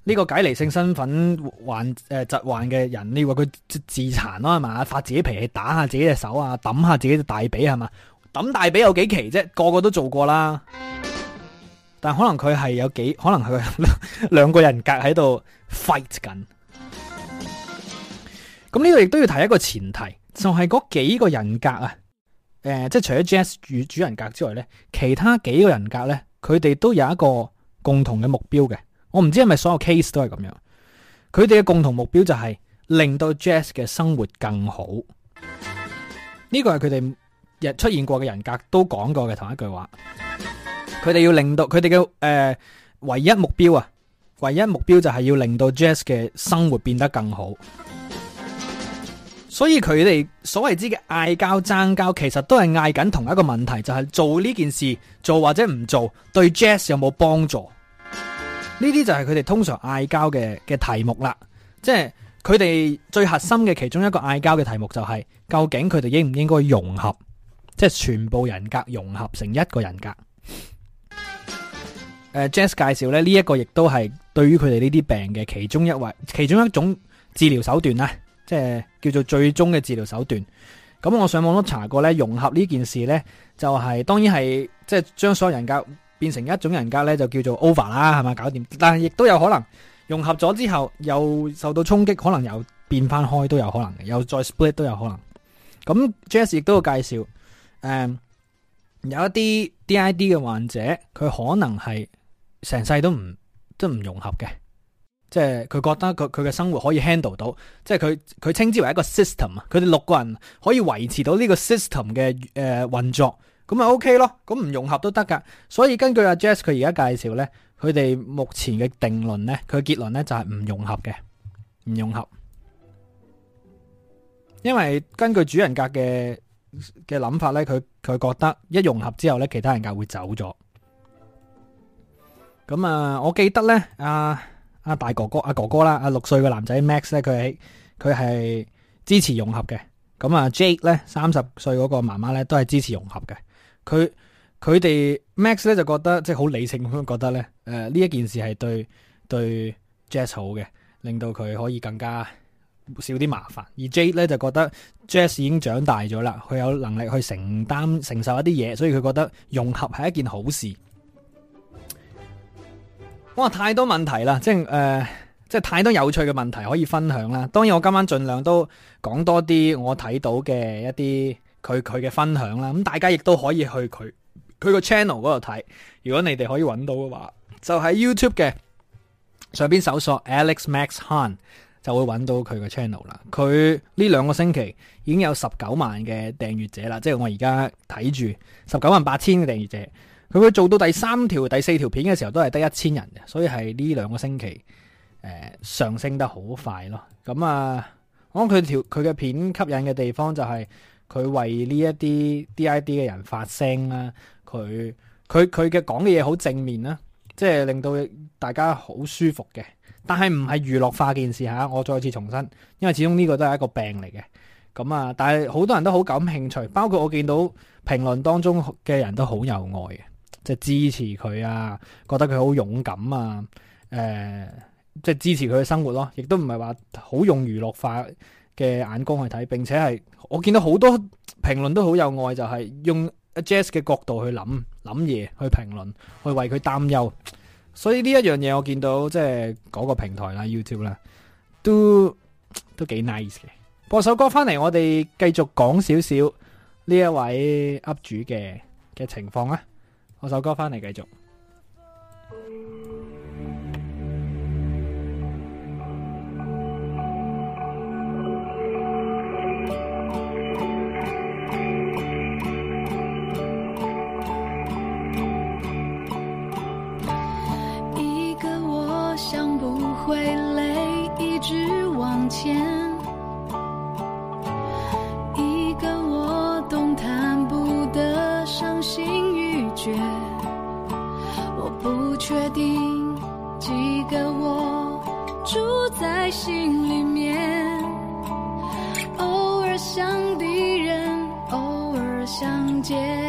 呢、這個解離性身份患誒疾患嘅人，你話佢自殘咯，係嘛？發自己脾氣，打下自己隻手啊，揼下自己隻大髀係嘛？揼大髀有幾奇啫？個個都做過啦。但可能佢係有幾可能佢兩個人格喺度 fight 緊。咁呢度亦都要提一個前提，就係、是、嗰幾個人格啊，誒、呃，即係除咗 Jazz 主主人格之外咧，其他幾個人格咧，佢哋都有一個共同嘅目標嘅。我唔知係咪所有 case 都係咁樣，佢哋嘅共同目標就係令到 Jazz 嘅生活更好。呢個係佢哋日出現過嘅人格都講過嘅同一句話。佢哋要令到佢哋嘅誒唯一目標啊，唯一目標就係要令到 Jazz 嘅生活變得更好。所以佢哋所謂之嘅嗌交爭交，其實都係嗌緊同一個問題，就係做呢件事做或者唔做，對 Jazz 有冇幫助。呢啲就係佢哋通常嗌交嘅嘅題目啦，即係佢哋最核心嘅其中一個嗌交嘅題目就係、是、究竟佢哋應唔應該融合，即係全部人格融合成一個人格。誒、呃、，Jazz 介紹咧，呢、這、一個亦都係對於佢哋呢啲病嘅其中一位、其中一種治療手段啦，即係叫做最終嘅治療手段。咁我上網都查過咧，融合呢件事咧，就係、是、當然係即係將所有人格。變成一種人格咧，就叫做 over 啦，係咪搞掂？但係亦都有可能融合咗之後，又受到衝擊，可能又變翻開都有可能嘅，又再 split 都有可能。咁 Jazz 亦都會介紹，嗯、有一啲 DID 嘅患者，佢可能係成世都唔都唔融合嘅，即係佢覺得佢佢嘅生活可以 handle 到，即係佢佢稱之為一個 system 啊，佢哋六個人可以維持到呢個 system 嘅誒、呃、運作。咁咪 OK 咯，咁唔融合都得噶。所以根據阿 Jess 佢而家介紹呢，佢哋目前嘅定論呢，佢結論呢就係、是、唔融合嘅，唔融合。因為根據主人格嘅嘅諗法呢，佢佢覺得一融合之後呢，其他人格會走咗。咁啊，我記得呢，阿、啊、阿大哥哥阿、啊、哥哥啦，六、啊、歲嘅男仔 Max 呢，佢佢係支持融合嘅。咁啊，Jake 呢，三十歲嗰個媽媽呢，都係支持融合嘅。佢佢哋 Max 咧就覺得，即係好理性咁樣覺得咧，誒呢一件事係對對 Jazz 好嘅，令到佢可以更加少啲麻煩。而 Jade 咧就覺得 Jazz 已經長大咗啦，佢有能力去承擔承受一啲嘢，所以佢覺得融合係一件好事。哇，太多問題啦，即係誒、呃，即係太多有趣嘅問題可以分享啦。當然我今晚盡量都講多啲我睇到嘅一啲。佢佢嘅分享啦，咁大家亦都可以去佢佢個 channel 嗰度睇。如果你哋可以揾到嘅話，就喺 YouTube 嘅上邊搜索 Alex Max Han，就會揾到佢嘅 channel 啦。佢呢兩個星期已經有十九萬嘅訂閱者啦，即係我而家睇住十九萬八千嘅訂閱者。佢會做到第三條、第四條片嘅時候，都係得一千人，所以係呢兩個星期誒、呃、上升得好快咯。咁啊，我諗佢條佢嘅片吸引嘅地方就係、是。佢為呢一啲 DID 嘅人發聲啦，佢佢佢嘅講嘅嘢好正面啦，即係令到大家好舒服嘅。但係唔係娛樂化件事吓，我再次重申，因為始終呢個都係一個病嚟嘅。咁啊，但係好多人都好感興趣，包括我見到評論當中嘅人都好有愛嘅，即係支持佢啊，覺得佢好勇敢啊，誒、呃，即係支持佢嘅生活咯。亦都唔係話好用娛樂化嘅眼光去睇，並且係。我見到好多評論都好有愛，就係用 Jazz 嘅角度去諗諗嘢，去評論，去為佢擔憂。所以呢一樣嘢我見到即係嗰個平台啦，YouTube 啦，都都幾 nice 嘅。播首歌翻嚟，我哋繼續講少少呢一位 Up 主嘅嘅情況啊。播首歌翻嚟，繼續。一個我住在心裏面，偶爾像敵人，偶爾相見。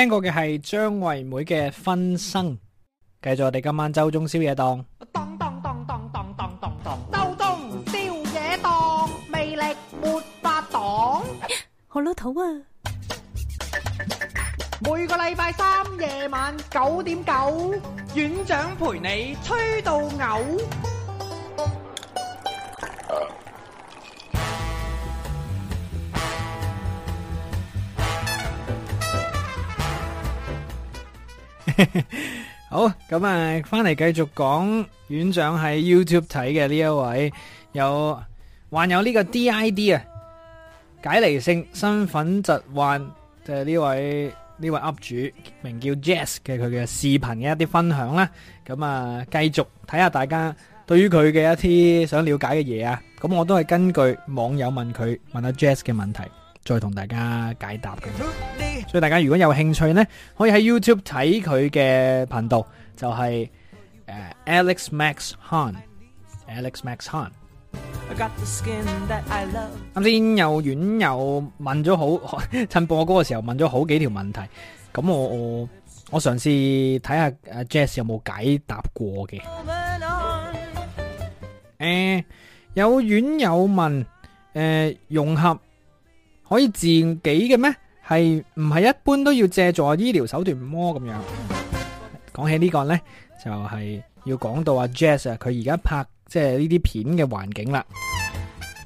聽過嘅係張惠妹嘅《分身》，繼續我哋今晚周中宵夜檔。咚咚咚咚咚咚咚咚，周中宵夜檔，魅力沒法擋。好老土啊！每個禮拜三夜晚九點九，院長陪你吹到嘔。咁啊，翻嚟繼續講院長喺 YouTube 睇嘅呢一位有患有呢個 DID 啊，解離性身份疾患就係呢位呢位 up 主，名叫 Jazz 嘅佢嘅視頻嘅一啲分享啦。咁啊，繼續睇下大家對於佢嘅一啲想了解嘅嘢啊。咁我都係根據網友問佢問阿 Jazz 嘅問題，再同大家解答嘅。所以大家如果有興趣呢，可以喺 YouTube 睇佢嘅頻道。就係、是、誒、uh, Alex Max Han，Alex Max Han。啱先有院友問咗好趁播歌嘅時候問咗好幾條問題，咁我我嘗試睇下誒 Jess 有冇解答過嘅。誒、uh, 有院友問，誒、uh, 融合可以自己嘅咩？係唔係一般都要借助醫療手段摸咁樣？講起呢個呢，就係、是、要講到阿 Jazz 啊，佢而家拍即係呢啲片嘅環境啦。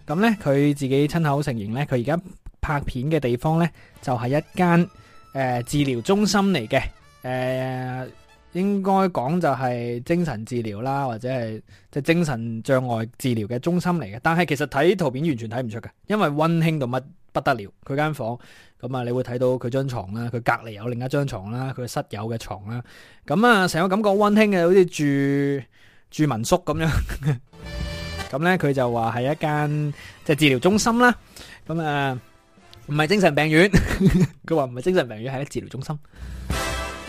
咁呢，佢自己親口承認呢，佢而家拍片嘅地方呢，就係、是、一間誒、呃、治療中心嚟嘅。誒、呃，應該講就係精神治療啦，或者係即係精神障礙治療嘅中心嚟嘅。但係其實睇圖片完全睇唔出嘅，因為溫馨到乜。不得了，佢間房咁啊，你會睇到佢張床啦，佢隔籬有另一張床啦，佢室友嘅床啦，咁啊，成個感覺溫馨嘅，好似住住民宿咁樣。咁咧，佢就話係一間即係治療中心啦。咁啊，唔係精神病院，佢話唔係精神病院，係一治療中心、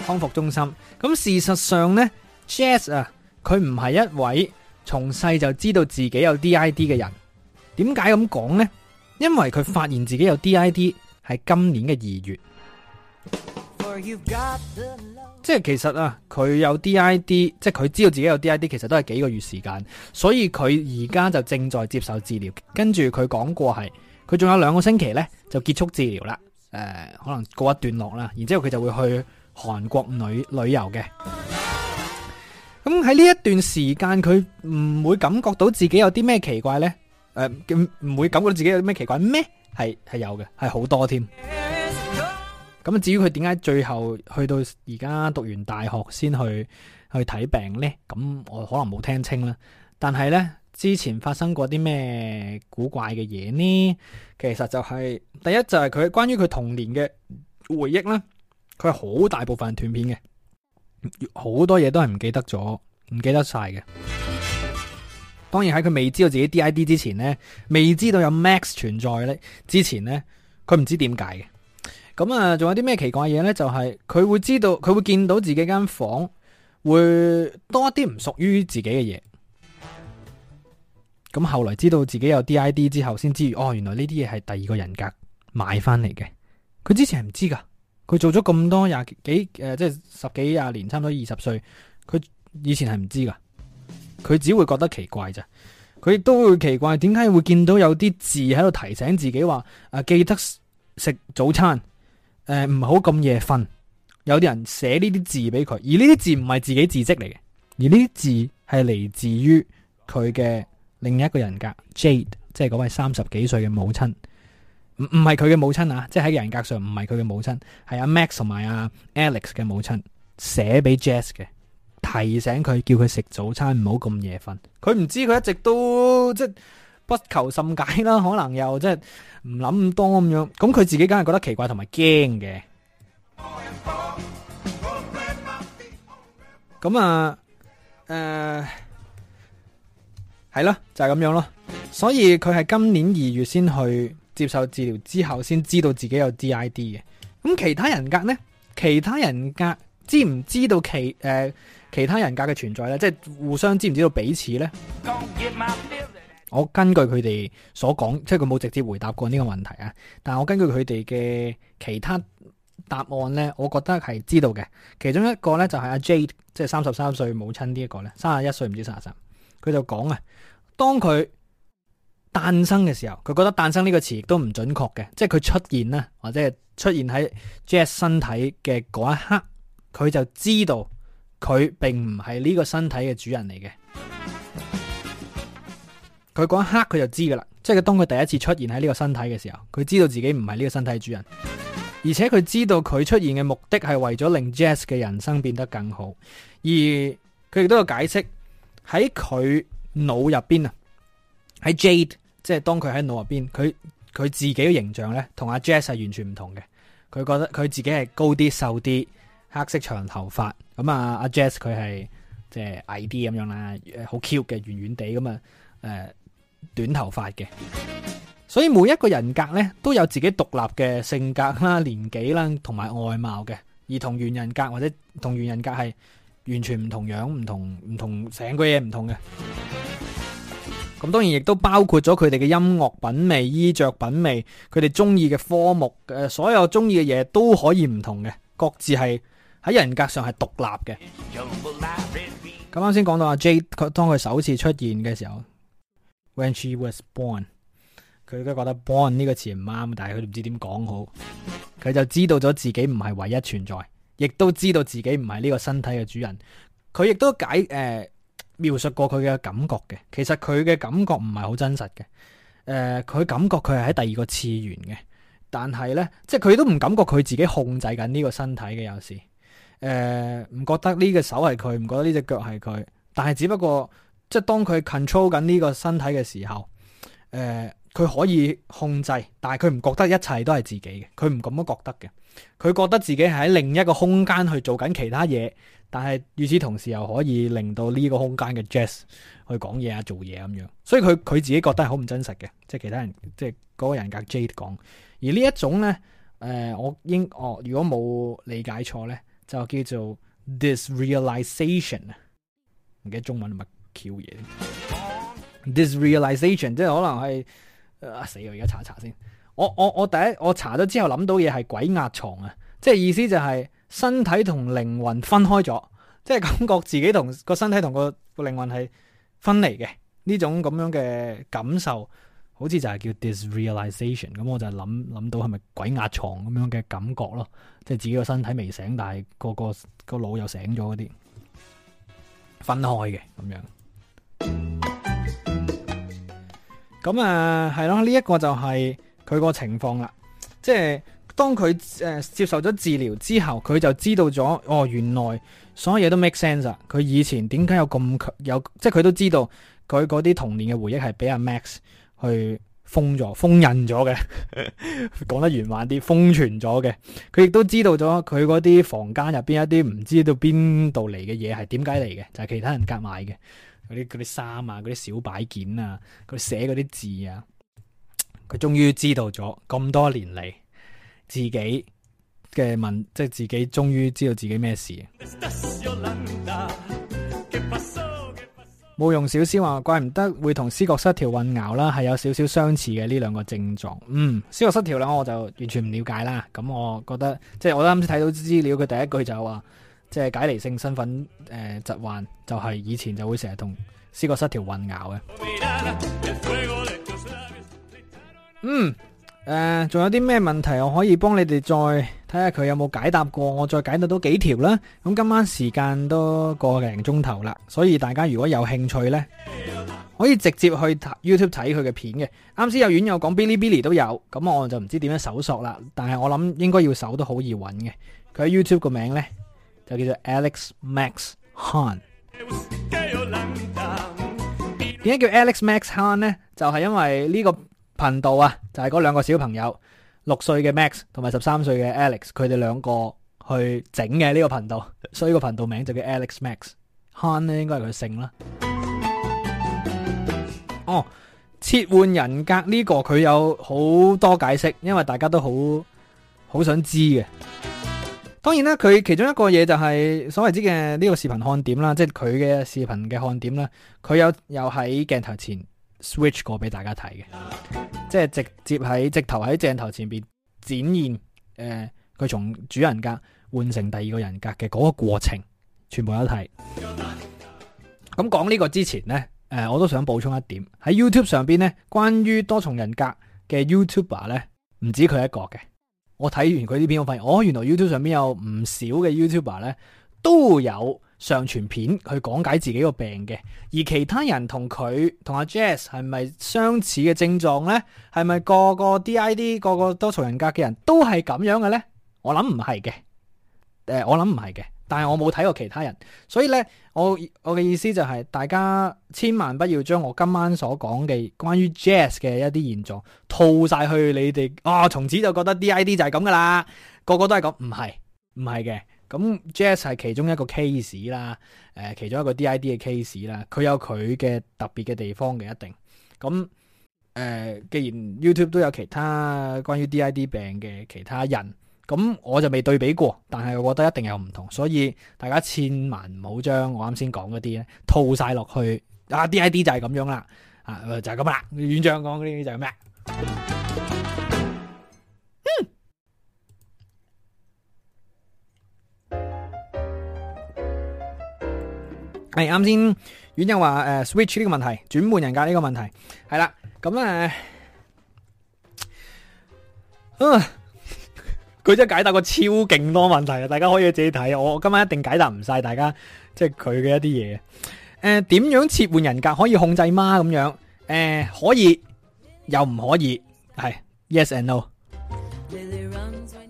康復中心。咁事實上咧，Jess 啊，佢唔係一位從細就知道自己有 DID 嘅人，點解咁講咧？因為佢發現自己有 DID 係今年嘅二月，即係其實啊，佢有 DID，即係佢知道自己有 DID，其實都係幾個月時間，所以佢而家就正在接受治療，跟住佢講過係，佢仲有兩個星期呢就結束治療啦，誒、呃，可能過一段落啦，然之後佢就會去韓國旅旅遊嘅。咁喺呢一段時間，佢唔會感覺到自己有啲咩奇怪呢？誒、呃，唔唔會感覺到自己有啲咩奇怪咩？係係有嘅，係好多添。咁至於佢點解最後去到而家讀完大學先去去睇病呢？咁我可能冇聽清啦。但係呢，之前發生過啲咩古怪嘅嘢呢？其實就係、是、第一就係佢關於佢童年嘅回憶啦，佢係好大部分斷片嘅，好多嘢都係唔記得咗，唔記得晒嘅。當然喺佢未知道自己 DID 之前，未知道有 Max 存在之前咧，佢唔知點解嘅。咁啊，仲有啲咩奇怪嘢呢？就係、是、佢會知道，佢會見到自己間房會多一啲唔屬於自己嘅嘢。咁後來知道自己有 DID 之後才道，先知哦，原來呢啲嘢係第二個人格買翻嚟嘅。佢之前係唔知噶，佢做咗咁多廿幾誒、呃，即係十幾廿年，差唔多二十歲，佢以前係唔知噶。佢只會覺得奇怪咋，佢都會奇怪點解會見到有啲字喺度提醒自己話啊，記得食早餐，誒，唔好咁夜瞓。有啲人寫呢啲字俾佢，而呢啲字唔係自己字跡嚟嘅，而呢啲字係嚟自於佢嘅另一個人格 Jade，即係嗰位三十幾歲嘅母親。唔，唔係佢嘅母親啊，即係喺人格上唔係佢嘅母親，係阿 Max 同埋阿 Alex 嘅母親寫俾 Jazz 嘅。提醒佢叫佢食早餐，唔好咁夜瞓。佢唔知佢一直都即不求甚解啦，可能又即係唔諗咁多咁樣。咁佢自己梗係覺得奇怪同埋驚嘅。咁 啊，誒、啊，係咯，就係、是、咁樣咯。所以佢係今年二月先去接受治療之後，先知道自己有 DID 嘅。咁其他人格呢？其他人格知唔知道其誒？呃其他人格嘅存在咧，即係互相知唔知道彼此咧？我根據佢哋所講，即係佢冇直接回答過呢個問題啊。但係我根據佢哋嘅其他答案咧，我覺得係知道嘅。其中一個咧就係阿 Jade，即係三十三歲母親呢一個咧，三十一歲唔知三十三，佢就講啊，當佢誕生嘅時候，佢覺得誕生呢個詞亦都唔準確嘅，即係佢出現啦，或者係出現喺 Jade 身體嘅嗰一刻，佢就知道。佢並唔係呢個身體嘅主人嚟嘅。佢嗰一刻佢就知噶啦，即係當佢第一次出現喺呢個身體嘅時候，佢知道自己唔係呢個身體主人，而且佢知道佢出現嘅目的係為咗令 Jazz 嘅人生變得更好。而佢亦都有解釋喺佢腦入邊啊，喺 Jade 即係當佢喺腦入邊，佢佢自己嘅形象咧同阿 Jazz 係完全唔同嘅。佢覺得佢自己係高啲、瘦啲。黑色長頭髮，咁啊阿 Jazz 佢係即係矮啲咁樣啦，誒好 cute 嘅圓圓地咁啊，誒、呃、短頭髮嘅，所以每一個人格咧都有自己獨立嘅性格啦、年紀啦同埋外貌嘅，而同原人格或者同原人格係完全唔同樣、唔同唔同成個嘢，唔同嘅。咁當然亦都包括咗佢哋嘅音樂品味、衣着品味，佢哋中意嘅科目誒、呃，所有中意嘅嘢都可以唔同嘅，各自係。喺人格上係獨立嘅。咁啱先講到阿 Jay，佢當佢首次出現嘅時候，When she was born，佢都覺得 born 呢個詞唔啱，但係佢都唔知點講好。佢就知道咗自己唔係唯一存在，亦都知道自己唔係呢個身體嘅主人。佢亦都解誒、呃、描述過佢嘅感覺嘅。其實佢嘅感覺唔係好真實嘅。誒、呃，佢感覺佢係喺第二個次元嘅，但係呢，即係佢都唔感覺佢自己控制緊呢個身體嘅有時。誒、呃，唔覺得呢個手係佢，唔覺得呢隻腳係佢，但係只不過即係當佢 control 緊呢個身體嘅時候，誒、呃，佢可以控制，但係佢唔覺得一切都係自己嘅，佢唔咁樣覺得嘅，佢覺得自己係喺另一個空間去做緊其他嘢，但係與此同時又可以令到呢個空間嘅 Jazz 去講嘢啊，做嘢咁樣，所以佢佢自己覺得係好唔真實嘅，即係其他人即係嗰個人格 Jade 講，而呢一種呢，誒、呃，我應哦，如果冇理解錯呢。就叫做 disrealization 唔記得中文叫乜嘢。disrealization 即係可能係、呃、死我而家查一查先。我我我第一我查咗之後諗到嘢係鬼壓床，啊！即係意思就係身體同靈魂分開咗，即係感覺自己同個身體同個個靈魂係分離嘅呢種咁樣嘅感受。好似就係叫 disrealization 咁我就諗諗到係咪鬼壓床咁樣嘅感覺咯，即係自己個身體未醒，但係個個個腦又醒咗嗰啲分開嘅咁樣。咁 啊，係咯呢一個就係佢個情況啦。即係當佢誒、呃、接受咗治療之後，佢就知道咗哦，原來所有嘢都 make sense 啦。佢以前點解有咁強？有即係佢都知道佢嗰啲童年嘅回憶係俾阿 Max。去封咗、封印咗嘅，講 得圓滑啲，封存咗嘅。佢亦都知道咗佢嗰啲房間入邊一啲唔知道邊度嚟嘅嘢係點解嚟嘅，就係、是、其他人夾埋嘅嗰啲嗰啲衫啊、嗰啲小擺件啊、佢寫嗰啲字啊。佢終於知道咗咁多年嚟自己嘅問，即係自己終於知道自己咩事。 慕容小詩話，怪唔得會同思覺失調混淆啦，係有少少相似嘅呢兩個症狀。嗯，思覺失調咧，我就完全唔了解啦。咁我覺得，即係我啱先睇到資料，佢第一句就話，即係解離性身份誒、呃、疾患，就係以前就會成日同思覺失調混淆嘅。嗯，誒、呃，仲有啲咩問題我可以幫你哋再？睇佢有冇解答過，我再解答多幾條啦。咁今晚時間都過個零鐘頭啦，所以大家如果有興趣呢，可以直接去 YouTube 睇佢嘅片嘅。啱先有院友講 Bilibili 都有，咁我就唔知點樣搜索啦。但係我諗應該要搜都好易揾嘅。佢喺 YouTube 個名呢，就叫做 Alex Max Han。點解叫 Alex Max Han 呢？就係、是、因為呢個頻道啊，就係嗰兩個小朋友。六歲嘅 Max 同埋十三歲嘅 Alex，佢哋兩個去整嘅呢個頻道，所以呢個頻道名就叫 Alex Max。Han 咧，應該係佢姓啦。哦，切換人格呢個佢有好多解釋，因為大家都好好想知嘅。當然啦，佢其中一個嘢就係所謂之嘅呢個視頻看點啦，即係佢嘅視頻嘅看點啦。佢有又喺鏡頭前。Switch 過俾大家睇嘅，即係直接喺直頭喺鏡頭前邊展現，誒、呃，佢從主人格換成第二個人格嘅嗰個過程，全部有睇。咁、啊、講呢個之前呢，誒、呃，我都想補充一點，喺 YouTube 上邊呢，關於多重人格嘅 YouTuber 呢，唔止佢一個嘅。我睇完佢呢邊，我發現，哦，原來 YouTube 上邊有唔少嘅 YouTuber 呢，都有。上傳片去講解自己個病嘅，而其他人同佢同阿 Jazz 係咪相似嘅症狀呢？係咪個個 DID 個個都多重人格嘅人，都係咁樣嘅呢？我諗唔係嘅，誒、呃，我諗唔係嘅，但係我冇睇過其他人，所以呢，我我嘅意思就係大家千萬不要將我今晚所講嘅關於 Jazz 嘅一啲現狀套晒去你哋，啊、哦，從此就覺得 DID 就係咁噶啦，個個都係咁，唔係，唔係嘅。咁 Jazz 係其中一個 case 啦，誒，其中一個 DID 嘅 case 啦，佢有佢嘅特別嘅地方嘅一定。咁誒、呃，既然 YouTube 都有其他關於 DID 病嘅其他人，咁我就未對比過，但係我覺得一定有唔同，所以大家千萬唔好將我啱先講嗰啲咧套晒落去啊！DID 就係咁樣啦，啊，就係咁啦，院長講嗰啲就係咩？係啱先，軟人話誒，switch 呢個問題，轉換人格呢個問題，係啦，咁咧，嗯，佢、呃、真係解答過超勁多問題啊！大家可以自己睇，我今晚一定解答唔晒，大家即係佢嘅一啲嘢。誒、呃，點樣切換人格可以控制嗎？咁樣，誒，可以又唔可以？係 yes and no。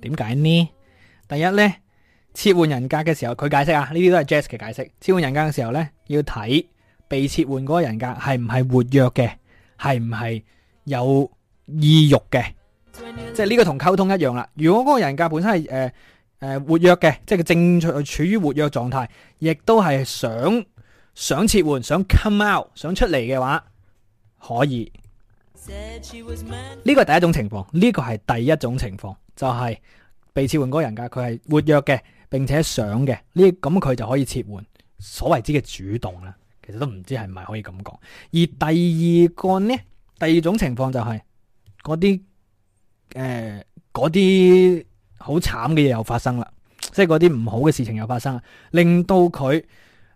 點解呢？第一咧。切換人格嘅時候，佢解釋啊，呢啲都係 Jazz 嘅解釋。切換人格嘅時候呢，要睇被切換嗰個人格係唔係活躍嘅，係唔係有意欲嘅，即係呢個同溝通一樣啦。如果嗰個人格本身係誒誒活躍嘅，即係佢正處處於活躍狀態，亦都係想想切換、想 come out、想出嚟嘅話，可以。呢個係第一種情況，呢個係第一種情況，就係、是、被切換嗰個人格佢係活躍嘅。並且想嘅呢，咁佢就可以切換所謂之嘅主動啦。其實都唔知係咪可以咁講。而第二個呢，第二種情況就係嗰啲誒嗰啲好慘嘅嘢又發生啦，即係嗰啲唔好嘅事情又發生，又發生，令到佢誒、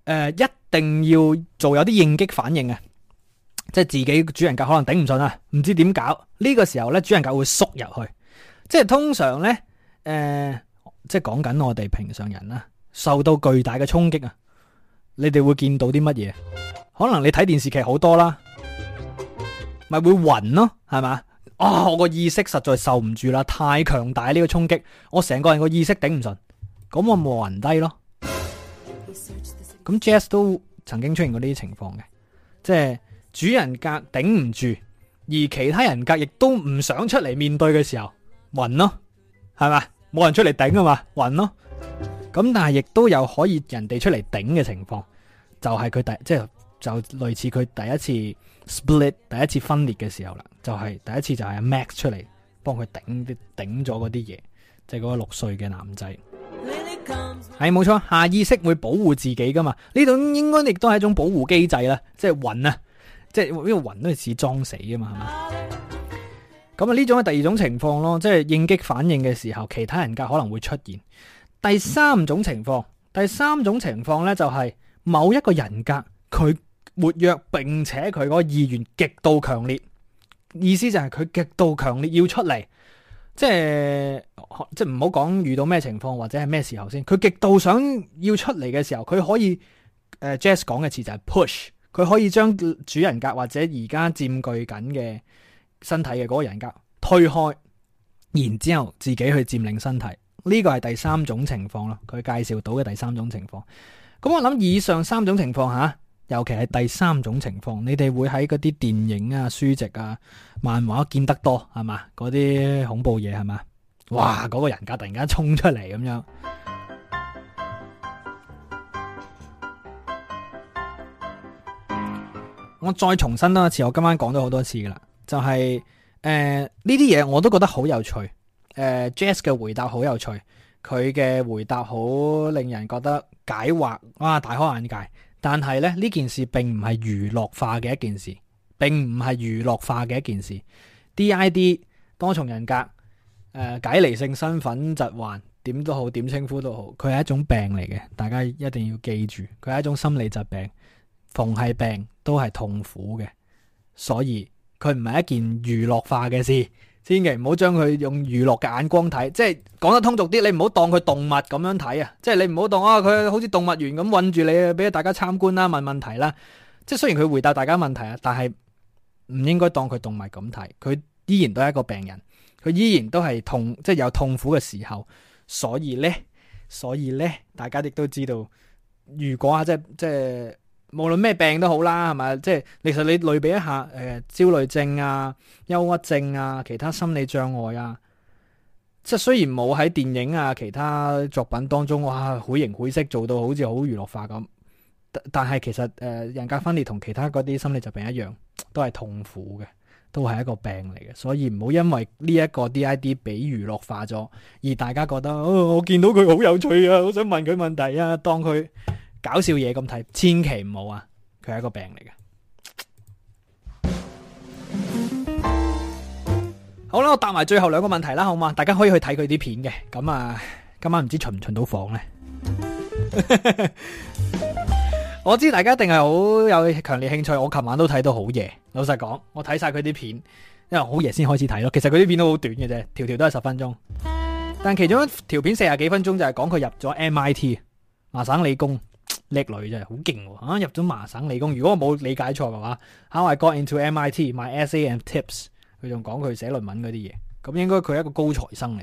呃、一定要做有啲應激反應啊！即係自己主人格可能頂唔順啊，唔知點搞呢，這個時候呢，主人格會縮入去。即係通常呢。誒、呃。即係講緊我哋平常人啦，受到巨大嘅衝擊啊，你哋會見到啲乜嘢？可能你睇電視劇好多啦，咪會暈咯，係咪？啊、哦，我個意識實在受唔住啦，太強大呢個衝擊，我成個人個意識頂唔順，咁我冇暈低咯。咁 Jazz 都曾經出現過呢啲情況嘅，即係主人格頂唔住，而其他人格亦都唔想出嚟面對嘅時候，暈咯，係咪？冇人出嚟頂啊嘛，暈咯。咁但係亦都有可以人哋出嚟頂嘅情況，就係佢第即係就類似佢第一次 split 第一次分裂嘅時候啦，就係、是、第一次就係阿 Max 出嚟幫佢頂啲頂咗嗰啲嘢，即係嗰個六歲嘅男仔。係冇錯，下意識會保護自己噶嘛？呢種應該亦都係一種保護機制啦，即係暈啊，即係呢個暈都係似裝死㗎嘛，係嘛？咁啊，呢種係第二種情況咯，即係應激反應嘅時候，其他人格可能會出現。第三種情況，第三種情況呢，就係某一個人格佢活躍並且佢個個意願極度強烈，意思就係佢極度強烈要出嚟，即係即係唔好講遇到咩情況或者係咩時候先，佢極度想要出嚟嘅時候，佢可以 Jazz 講嘅詞就係 push，佢可以將主人格或者而家佔據緊嘅。身體嘅嗰個人格推開，然之後自己去佔領身體，呢、呢個係第三種情況啦。佢介紹到嘅第三種情況。咁我諗以上三種情況吓，尤其係第三種情況，你哋會喺嗰啲電影啊、書籍啊、漫畫、啊、見得多係嘛？嗰啲恐怖嘢係嘛？哇！嗰、嗰個人格突然間衝出嚟咁樣。我再重申多一次，我今晚講咗好多次噶啦。就係誒，呢啲嘢我都覺得好有趣。誒，Jess 嘅回答好有趣，佢嘅回答好令人覺得解惑，哇，大開眼界。但係咧呢，這件事並唔係娛樂化嘅一件事，並唔係娛樂化嘅一件事。D.I.D 多重人格誒、呃、解離性身份疾患點都好，點稱呼都好，佢係一種病嚟嘅。大家一定要記住，佢係一種心理疾病，逢係病都係痛苦嘅，所以。佢唔係一件娛樂化嘅事，千祈唔好將佢用娛樂嘅眼光睇，即係講得通俗啲，你唔好當佢動物咁樣睇啊！即係你唔好當啊，佢好似動物園咁困住你啊，俾大家參觀啦、問問題啦。即係雖然佢回答大家問題啊，但係唔應該當佢動物咁睇，佢依然都係一個病人，佢依然都係痛，即係有痛苦嘅時候。所以呢，所以呢，大家亦都知道，如果啊，即係即係。無論咩病都好啦，係咪？即係其實你類比一下，誒、呃，焦慮症啊、憂鬱症啊、其他心理障礙啊，即係雖然冇喺電影啊、其他作品當中，哇，繪形繪色做到好似好娛樂化咁，但係其實誒、呃，人格分裂同其他嗰啲心理疾病一樣，都係痛苦嘅，都係一個病嚟嘅。所以唔好因為呢一個 DID 俾娛樂化咗，而大家覺得哦，我見到佢好有趣啊，好 想問佢問題啊，當佢。搞笑嘢咁睇，千祈唔好啊！佢係一個病嚟嘅。好啦，我答埋最後兩個問題啦，好嘛？大家可以去睇佢啲片嘅。咁、嗯、啊，今晚唔知巡唔巡,巡到房呢。 我知大家一定係好有強烈興趣，我琴晚都睇到好夜。老實講，我睇晒佢啲片，因為好夜先開始睇咯。其實佢啲片都好短嘅啫，條條都係十分鐘。但其中一條片四十幾分鐘就係講佢入咗 MIT 麻省理工。叻女真係好勁啊！入咗麻省理工，如果我冇理解錯嘅話，How I got into MIT My SAM tips，佢仲講佢寫論文嗰啲嘢，咁應該佢係一個高材生嚟。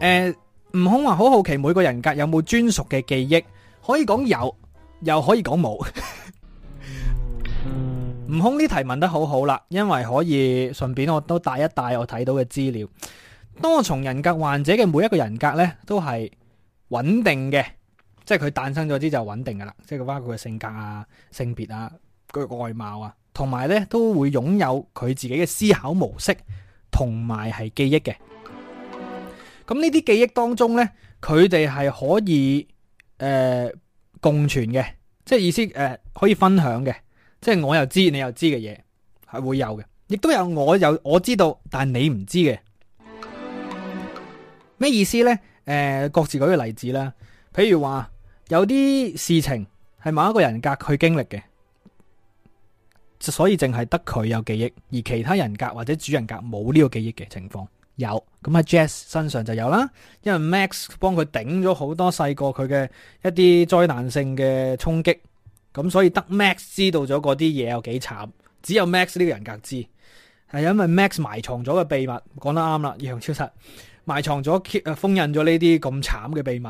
誒，悟、 呃、空話好好奇每個人格有冇專屬嘅記憶，可以講有，又可以講冇。悟 空呢題問得很好，好啦，因為可以順便我都帶一帶我睇到嘅資料。多重人格患者嘅每一個人格呢，都係穩定嘅，即係佢誕生咗之後就穩定噶啦。即係包括佢性格啊、性別啊、佢外貌啊，同埋呢都會擁有佢自己嘅思考模式，同埋係記憶嘅。咁呢啲記憶當中呢，佢哋係可以誒、呃、共存嘅，即係意思誒可以分享嘅，即係我又知你又知嘅嘢係會有嘅，亦都有我有我知道，但係你唔知嘅。咩意思呢？誒，各自舉個例子啦。譬如話有啲事情係某一個人格去經歷嘅，所以淨係得佢有記憶，而其他人格或者主人格冇呢個記憶嘅情況有。咁喺 Jazz 身上就有啦，因為 Max 幫佢頂咗好多細個佢嘅一啲災難性嘅衝擊，咁所以得 Max 知道咗嗰啲嘢有幾慘，只有 Max 呢個人格知，係因為 Max 埋藏咗嘅秘密。講得啱啦，楊超失。埋藏咗，封印咗呢啲咁慘嘅秘密，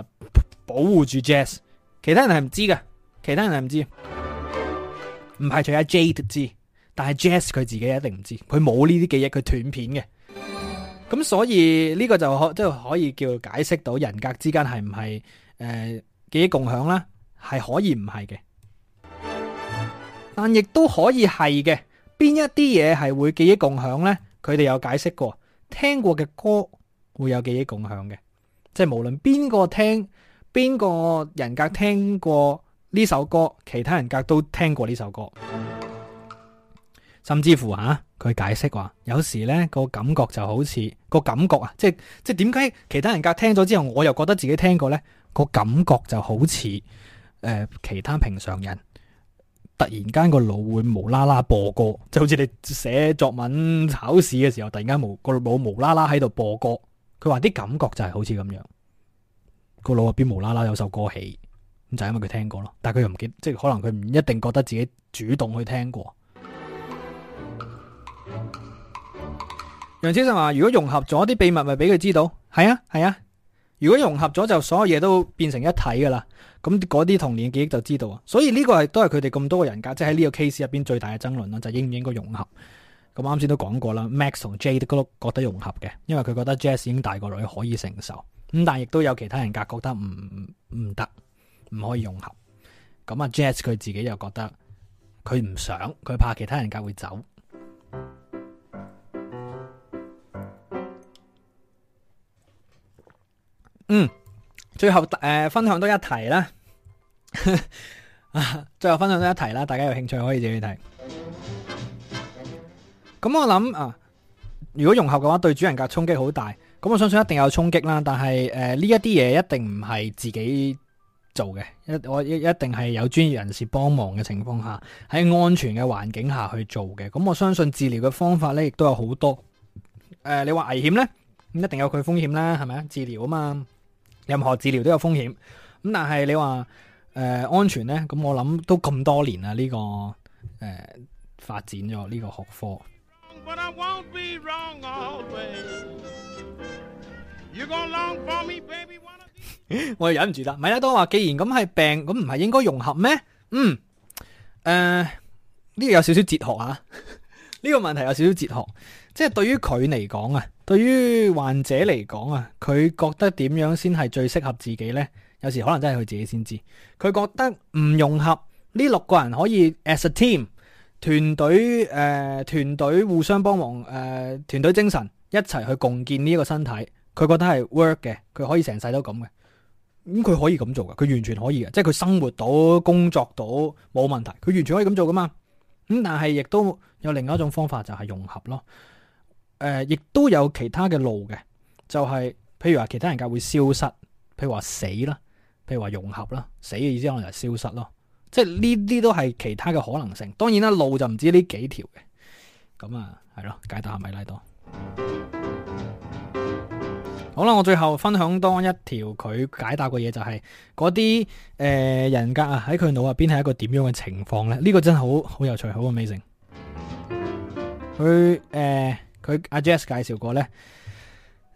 保護住 Jazz。其他人係唔知嘅，其他人係唔知，唔排除阿 Jade 知，但係 Jazz 佢自己一定唔知，佢冇呢啲記憶，佢斷片嘅。咁所以呢個就可即係可以叫解釋到人格之間係唔係誒記憶共享啦，係可以唔係嘅，但亦都可以係嘅。邊一啲嘢係會記憶共享咧？佢哋有解釋過聽過嘅歌。會有記憶共享嘅，即係無論邊個聽邊個人格聽過呢首歌，其他人格都聽過呢首歌。甚至乎吓，佢、啊、解釋話，有時呢、呢個感覺就好似、個感覺啊，即係即係點解其他人格聽咗之後，我又覺得自己聽過呢、呢個感覺就好似誒、呃、其他平常人突然間個腦會無啦啦播歌，就好似你寫作文考試嘅時候，突然間無個腦無啦啦喺度播歌。佢話啲感覺就係好似咁樣，個腦入邊無啦啦有首歌起，咁就因為佢聽過咯。但係佢又唔記得，即係可能佢唔一定覺得自己主動去聽過。楊先生話：如果融合咗啲秘密，咪俾佢知道。係啊，係啊。如果融合咗，就所有嘢都變成一體噶啦。咁嗰啲童年嘅記憶就知道啊。所以呢個係都係佢哋咁多個人格，即係喺呢個 case 入邊最大嘅爭論咯，就應唔應該融合？咁啱先都講過啦，Max 同 Jay 覺得融合嘅，因為佢覺得 Jazz 已經大個女，可以承受，咁但係亦都有其他人格覺得唔唔得，唔可以融合。咁啊，Jazz 佢自己又覺得佢唔想，佢怕其他人格會走。嗯，最後誒、呃、分享多一題啦， 最後分享多一題啦，大家有興趣可以自己去睇。咁我諗啊，如果融合嘅話，對主人格衝擊好大。咁我相信一定有衝擊啦。但係誒呢一啲嘢一定唔係自己做嘅，一我一一定係有專業人士幫忙嘅情況下，喺安全嘅環境下去做嘅。咁我相信治療嘅方法呢，亦都有好多。誒、呃，你話危險呢？一定有佢風險啦，係咪啊？治療啊嘛，任何治療都有風險。咁但係你話誒、呃、安全呢？咁我諗都咁多年啦，呢個誒、呃、發展咗呢個學科。我又忍唔住啦！米拉多話：既然咁係病，咁唔係應該融合咩？嗯，誒、呃，呢個有少少哲學啊！呢個問題有少少哲學，即係對於佢嚟講啊，對於患者嚟講啊，佢覺得點樣先係最適合自己呢？有時可能真係佢自己先知，佢覺得唔融合呢六個人可以 as a team。團隊誒、呃，團隊互相幫忙誒、呃，團隊精神一齊去共建呢個身體，佢覺得係 work 嘅，佢可以成世都咁嘅。咁、嗯、佢可以咁做嘅，佢完全可以嘅，即係佢生活到工作到冇問題，佢完全可以咁做噶嘛。咁、嗯、但係亦都有另外一種方法就係融合咯。誒、呃，亦都有其他嘅路嘅，就係、是、譬如話其他人格會消失，譬如話死啦，譬如話融合啦，死嘅意思可能就係消失咯。即係呢啲都係其他嘅可能性，當然啦，路就唔止呢幾條嘅。咁啊，係咯，解答咪拉多。好啦，我最後分享多一條佢解答嘅嘢，就係，就係嗰啲誒人格啊喺佢腦入邊係一個點樣嘅情況咧？呢、呢個真係好好有趣，好啊，美佢誒，佢阿 Jess 介紹過咧，誒、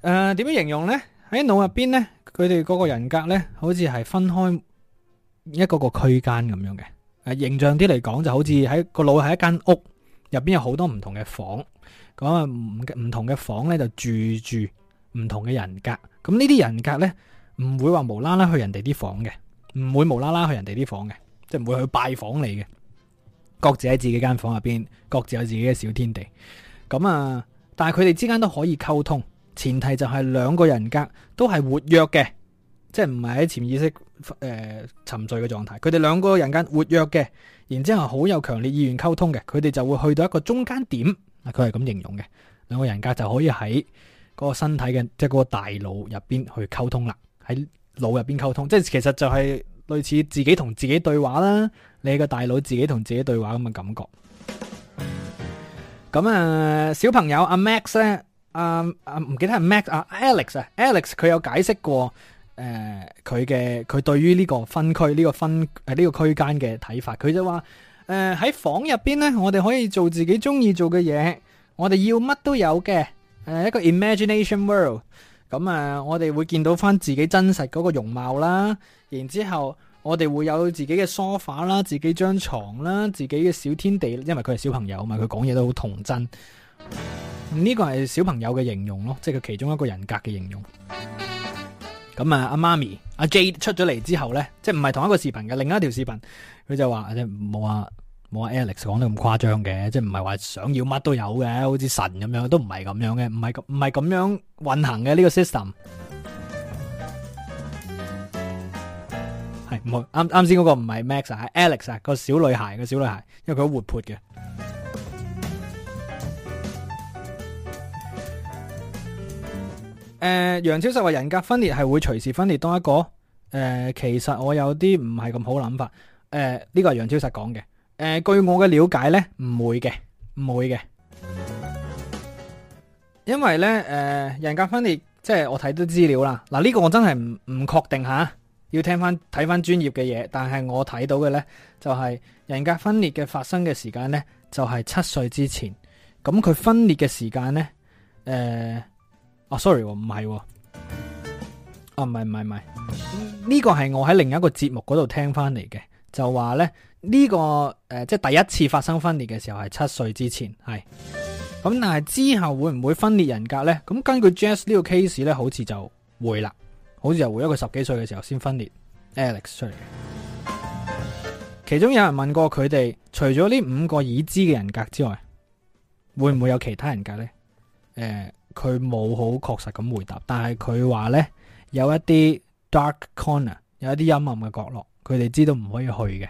呃，點樣形容咧？喺腦入邊咧，佢哋嗰個人格咧，好似係分開一個個區間咁樣嘅，誒，形象啲嚟講就好似喺個腦係一間屋，入邊有好多唔同嘅房，咁啊，唔唔同嘅房呢，就住住唔同嘅人格，咁呢啲人格呢，唔會話無啦啦去人哋啲房嘅，唔會無啦啦去人哋啲房嘅，即係唔會去拜訪你嘅，各自喺自己間房入邊，各自有自己嘅小天地，咁啊，但係佢哋之間都可以溝通，前提就係兩個人格都係活躍嘅，即係唔係喺潛意識。誒、呃，沉醉嘅狀態，佢哋兩個人間活躍嘅，然後之後好有強烈意願溝通嘅，佢哋就會去到一個中間點，佢係咁形容嘅。兩個人格就可以喺個身體嘅，即、就、係、是、個大腦入邊去溝通啦，喺腦入邊溝通，即係其實就係類似自己同自己對話啦。你個大腦自己同自己對話咁嘅感覺。咁啊， 小朋友阿 Max 咧，阿阿唔記得係 Max 啊，啊，啊 Alex 啊，Alex 佢有解釋過。誒、呃，佢嘅佢對於呢個分區呢、呢個分誒呢、呃呢個區間嘅睇法，佢就話誒喺房入邊呢，我哋可以做自己中意做嘅嘢，我哋要乜都有嘅，誒、呃、一個 imagination world。咁、呃、啊，我哋會見到翻自己真實嗰個容貌啦，然之後我哋會有自己嘅 sofa 啦，自己張床啦，自己嘅小天地。因為佢係小朋友嘛，佢講嘢都好童真。呢、呢個係小朋友嘅形容咯，即係佢其中一個人格嘅形容。咁啊，阿媽咪，阿、啊、J 出咗嚟之後咧，即係唔係同一個視頻嘅，另一條視頻佢就話，即冇啊，冇啊 Alex 講得咁誇張嘅，即係唔係話想要乜都有嘅，好似神咁樣，都唔係咁樣嘅，唔係唔係咁樣運行嘅呢、呢個 system。係唔啱啱先嗰個唔係 Max，Alex 啊，Alex, 個小女孩、個小女孩，因為佢好活潑嘅。誒、呃，楊超實話，人格分裂係會隨時分裂多一個誒、呃，其實我有啲唔係咁好諗法。誒、呃，呢、這個係楊超實講嘅。誒、呃，據我嘅了解呢，唔會嘅，唔會嘅。因為呢，誒、呃，人格分裂即係我睇到資料啦。嗱，呢個我真係唔唔確定吓，要聽翻睇翻專業嘅嘢。但係我睇到嘅呢，就係、是、人格分裂嘅發生嘅時間呢就係、是、七歲之前。咁佢分裂嘅時間呢。誒、呃。Oh, sorry, 哦 sorry 唔係，啊唔係唔係唔係，呢個係我喺另一個節目嗰度聽翻嚟嘅，就話呢，呢個誒即係第一次發生分裂嘅時候係七歲之前係，咁但係之後會唔會分裂人格呢？咁根據 Jas 呢個 case 呢，好似就會啦，好似就會一個十幾歲嘅時候先分裂 Alex 出嚟。 其中有人問過佢哋，除咗呢五個已知嘅人格之外，會唔會有其他人格呢？誒、uh,。佢冇好確實咁回答，但係佢話呢，有一啲 dark corner，有一啲陰暗嘅角落，佢哋知道唔可以去嘅，誒、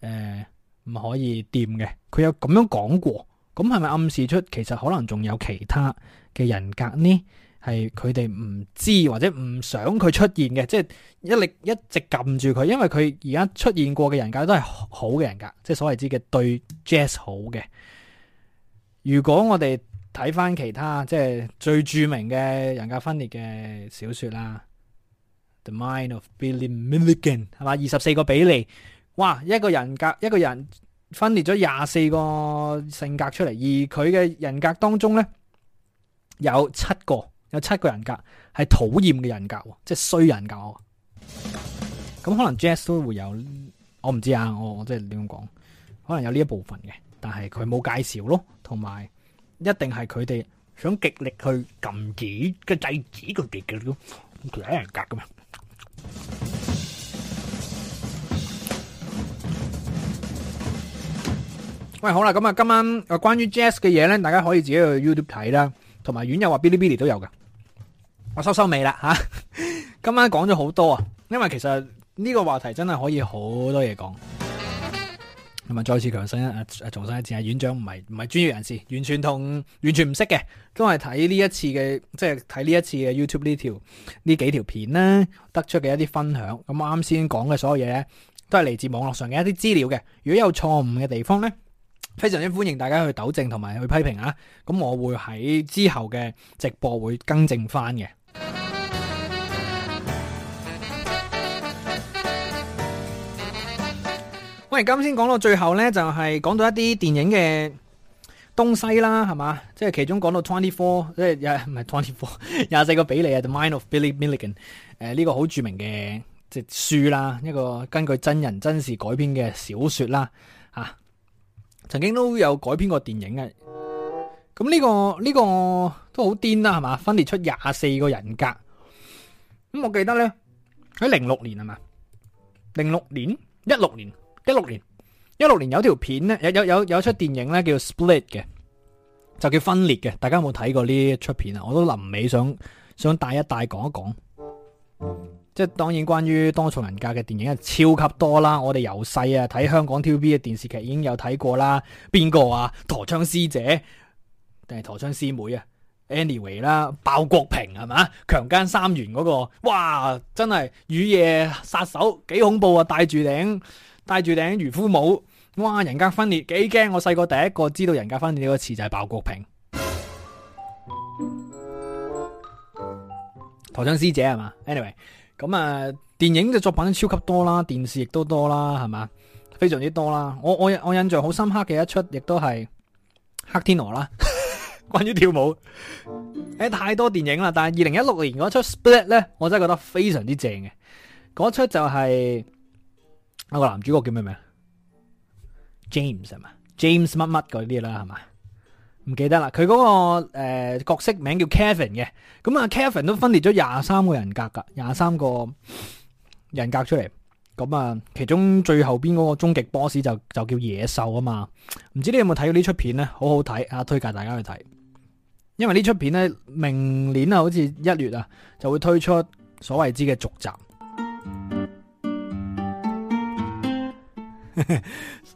呃、唔可以掂嘅。佢有咁樣講過，咁係咪暗示出其實可能仲有其他嘅人格呢？係佢哋唔知或者唔想佢出現嘅，即、就、係、是、一力一直撳住佢，因為佢而家出現過嘅人格都係好嘅人格，即、就、係、是、所謂之嘅對 Jazz 好嘅。如果我哋睇翻其他，即係最著名嘅人格分裂嘅小說啦，《The Mind of Billy Milligan》係嘛，二十四個比利，哇，一個人格一個人分裂咗廿四個性格出嚟，而佢嘅人格當中咧有七個有七個人格係討厭嘅人格，即係衰人格。咁可能 Jazz G S 都會有，我唔知啊，我我即係點講，可能有呢一部分嘅，但係佢冇介紹咯，同埋。一定係佢哋想極力去禁止、嘅制止佢哋嘅咯，其他人格噶嘛？ 喂，好啦，咁啊，今晚啊關於 Jazz 嘅嘢咧，大家可以自己去 YouTube 睇啦，同埋院又話嗶哩嗶哩都有噶。我收收尾啦吓，今晚講咗好多啊，因為其實呢個話題真係可以好多嘢講。咁啊，再次強身，重申一次啊，院長唔係唔係專業人士，完全同完全唔識嘅，都係睇呢一次嘅即係睇呢一次嘅 YouTube 呢條呢幾條片呢，得出嘅一啲分享。咁啱先講嘅所有嘢咧，都係嚟自網絡上嘅一啲資料嘅。如果有錯誤嘅地方咧，非常之歡迎大家去糾正同埋去批評啊。咁我會喺之後嘅直播會更正返嘅。咁啊，今先講到最後咧，就係、是、講到一啲電影嘅東西啦，係嘛？即係其中講到《Twenty Four》，即係唔係 Twenty Four，廿四個比利，啊，The Mind of Billy Milligan，誒、呃，呢、這個好著名嘅即係書啦，一個根據真人真事改編嘅小說啦，吓、啊，曾經都有改編過電影嘅。咁呢、這個呢、這個都好癲啦，係嘛？分裂出廿四個人格。咁、嗯、我記得咧喺零六年係嘛？零六年，一六年。一六年，一六年有條片咧，有有有有出電影咧叫《Split》嘅，就叫分裂嘅。大家有冇睇過呢出片啊？我都臨尾想想帶一帶講一講。即係當然關於多重人格嘅電影係超級多啦。我哋由細啊睇香港 TVB 嘅電視劇已經有睇過啦。邊個啊？陀槍師姐定係陀槍師妹啊？Anyway 啦，鮑國平係咪？強姦三元嗰個，哇！真係雨夜殺手，幾恐怖啊！戴住頂。戴住頂漁夫帽，哇！人格分裂幾驚？我細個第一個知道人格分裂呢個詞就係鮑國平。 陀槍師姐係嘛？Anyway，咁啊、呃，電影嘅作品超級多啦，電視亦都多啦，係嘛？非常之多啦。我我我印象好深刻嘅一出，亦都係黑天鵝啦。 關於於跳舞， 誒、欸，太多電影啦。但係二零一六年嗰出 Split 咧，我真係覺得非常之正嘅。嗰出就係、是。啊個男主角叫咩名？James 係嘛？James 乜乜嗰啲啦係嘛？唔記得啦。佢嗰、個誒、呃、角色名叫 Kevin 嘅。咁啊，Kevin 都分裂咗廿三個人格噶，廿三個人格出嚟。咁啊，其中最後邊嗰個終極 boss 就就叫野獸啊嘛。唔知你有冇睇過呢出片咧？好好睇啊，推介大家去睇。因為呢出片咧，明年啊，好似一月啊，就會推出所謂之嘅續集。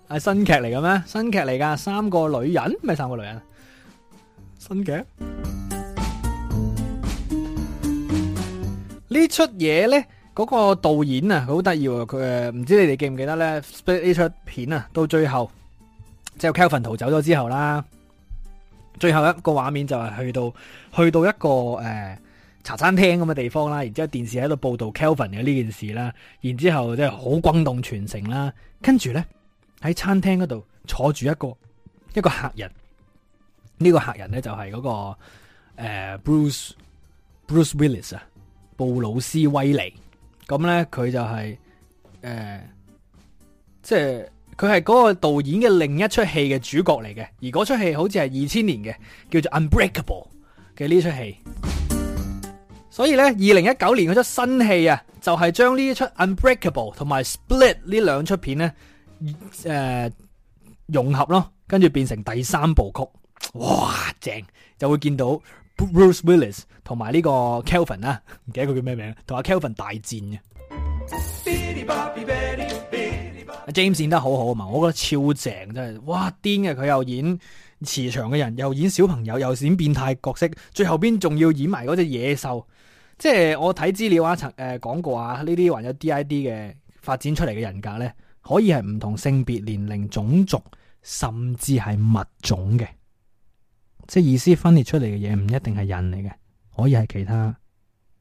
係 新劇嚟嘅咩？新劇嚟噶，三個女人，咩三個女人？新劇 呢出嘢咧，嗰個導演啊，好得意佢誒，唔知你哋記唔記得咧？呢出片啊，到最後即係 Kelvin 逃走咗之後啦，最後一個畫面就係去到去到一個誒。呃茶餐廳咁嘅地方啦，然之後電視喺度報道 Kelvin 嘅呢件事啦，然之後即係好轟動全城啦。跟住咧喺餐廳嗰度坐住一個一個客人，呢、這個客人咧就係嗰、那個誒、呃、Bruce Bruce Willis 啊，布魯斯威尼。咁咧佢就係誒即係佢係嗰個導演嘅另一齣戲嘅主角嚟嘅，而嗰齣戲好似係二千年嘅，叫做 Unbreakable 嘅呢齣戲。所以咧，二零一九年佢出新戲啊，就係、是、將呢一出 Unbreakable 同埋 Split 呢兩出片咧，誒、呃、融合咯，跟住變成第三部曲，哇正！就會見到 Bruce Willis 同埋呢個 Kelvin 啊，唔記得佢叫咩名，同阿 Kelvin 大戰嘅、啊。James 演得好好啊嘛，我覺得超正，真係哇癲嘅！佢又演慈祥嘅人，又演小朋友，又演變態角色，最後邊仲要演埋嗰隻野獸。即係我睇資料啊，曾誒講、呃、過啊，呢啲還有 DID 嘅發展出嚟嘅人格咧，可以係唔同性別、年齡、種族，甚至係物種嘅。即係意思分裂出嚟嘅嘢唔一定係人嚟嘅，可以係其他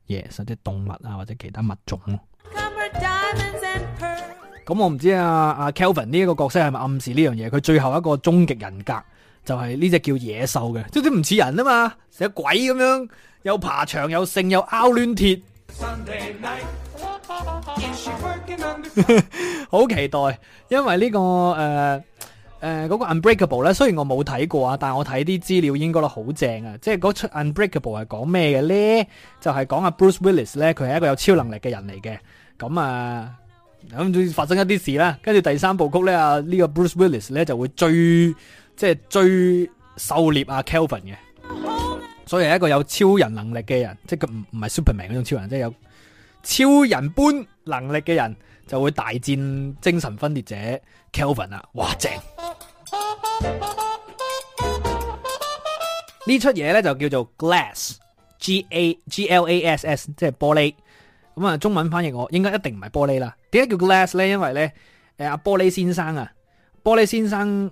嘢，甚至動物啊或者其他物種咯、啊。咁我唔知道啊阿、啊、Kelvin 呢一個角色係咪暗示呢樣嘢？佢最後一個終極人格就係呢隻叫野獸嘅，即係都唔似人啊嘛，成日鬼咁樣。有爬牆，有性，有拗攣鐵，好期待，因為、這個呃呃那個、呢個誒誒個 Unbreakable 咧，雖然我冇睇過啊，但我睇啲資料應該都好正啊！即係嗰出 Unbreakable 係講咩嘅咧？就係講阿 Bruce Willis 咧，佢係一個有超能力嘅人嚟嘅，咁啊咁就、嗯、發生一啲事啦。跟住第三部曲咧啊，呢、這個 Bruce Willis 咧就會追，即係追狩獵阿、啊、Kelvin 嘅。所以係一個有超人能力嘅人，即係佢唔唔係 Superman 嗰種超人，即係有超人般能力嘅人，就會大戰精神分裂者 Kelvin 啊！哇正！呢 出嘢咧就叫做 Glass，G A G L A S S，即係玻璃。咁啊，中文翻譯我應該一定唔係玻璃啦。點解叫 Glass 咧？因為咧，誒阿玻璃先生啊，玻璃先生。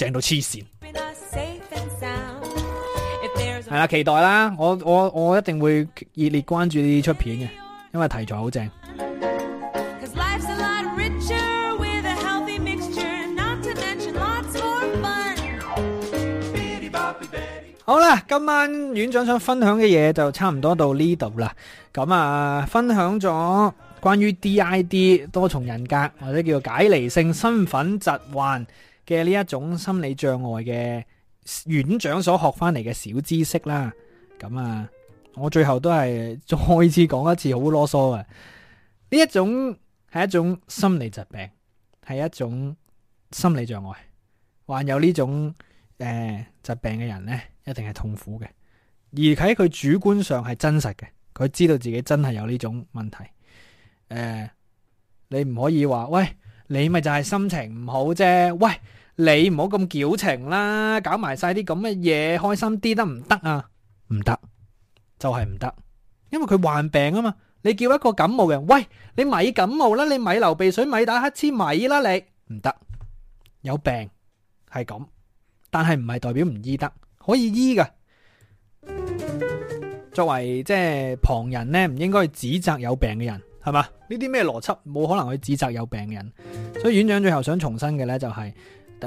正到黐線，係啦，期待啦！我我我一定會熱烈關注呢出片嘅，因為題材好正。好啦，今晚院長想分享嘅嘢就差唔多到呢度啦。咁啊，分享咗關於 DID 多重人格或者叫解離性身份疾患。嘅呢一種心理障礙嘅院長所學翻嚟嘅小知識啦，咁啊，我最後都係再次講一次，好囉嗦嘅。呢一種係一種心理疾病，係一種心理障礙。患有呢種誒、呃、疾病嘅人呢，一定係痛苦嘅，而喺佢主觀上係真實嘅，佢知道自己真係有呢種問題。誒、呃，你唔可以話喂，你咪就係心情唔好啫，喂。你唔好咁矯情啦，搞埋晒啲咁嘅嘢，開心啲得唔得啊？唔得，就係唔得，因為佢患病啊嘛。你叫一個感冒嘅人，喂，你咪感冒啦，你咪流鼻水，咪打乞嗤，咪啦，你唔得有病係咁，但係唔係代表唔醫得，可以醫噶。作為即係、就是、旁人呢，唔應該去指責有病嘅人，係嘛？呢啲咩邏輯？冇可能去指責有病嘅人。所以院長最後想重申嘅呢就係、是。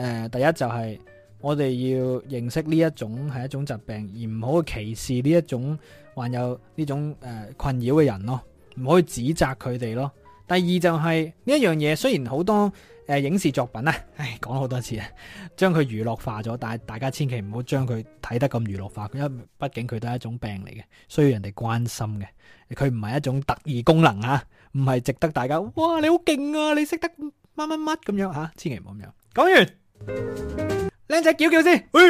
誒，第一就係我哋要認識呢一種係一種疾病，而唔好歧視呢一種患有呢種誒困擾嘅人咯，唔可以指責佢哋咯。第二就係呢一樣嘢，雖然好多誒影視作品咧，唉講好多次啊，將佢娛樂化咗，但係大家千祈唔好將佢睇得咁娛樂化，因為畢竟佢都係一種病嚟嘅，需要人哋關心嘅。佢唔係一種特異功能嚇，唔係值得大家哇，你好勁啊，你識得乜乜乜咁樣嚇，千祈唔好咁樣講完。靚仔叫叫先，喂！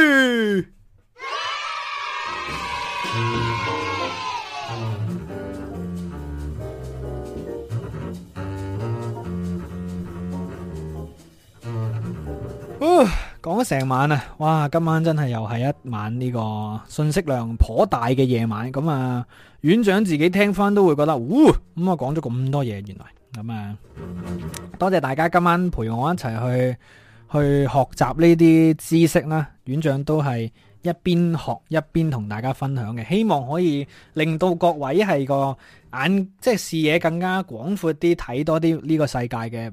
講咗成晚啊，哇！今晚真係又係一晚呢個信息量頗大嘅夜晚。咁啊，院長自己聽翻都會覺得，嗚咁我，講咗咁多嘢，原來咁啊，多謝大家今晚陪我一齊去。去學習呢啲知識啦，院長都係一邊學一邊同大家分享嘅，希望可以令到各位係個眼即係、就是、視野更加廣闊啲，睇多啲呢個世界嘅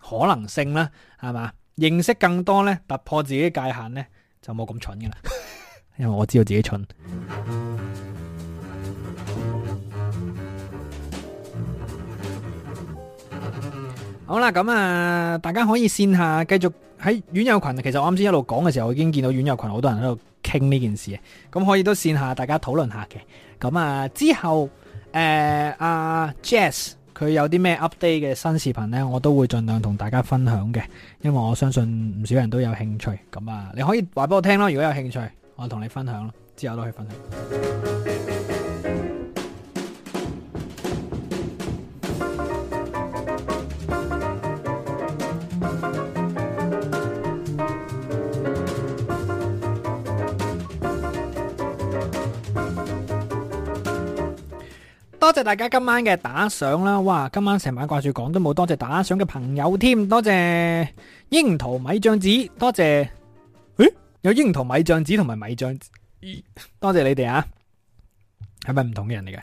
可能性啦，係嘛？認識更多呢，突破自己界限呢，就冇咁蠢嘅啦。因為我知道自己蠢。 好啦，咁啊，大家可以線下繼續。喺院友群，其實我啱先一路講嘅時候，我已經見到院友群好多人喺度傾呢件事，咁可以都線下大家討論一下嘅。咁啊之後，誒阿 Jess 佢有啲咩 update 嘅新視頻呢，我都會盡量同大家分享嘅，因為我相信唔少人都有興趣。咁啊，你可以話俾我聽咯，如果有興趣，我同你分享咯，之後都可以分享。多謝大家今晚嘅打賞啦！哇，今晚成晚掛住講都冇多謝打賞嘅朋友添，多謝櫻桃米醬子，多謝，誒，有櫻桃米醬子同埋米醬，多謝你哋啊，係咪唔同嘅人嚟嘅？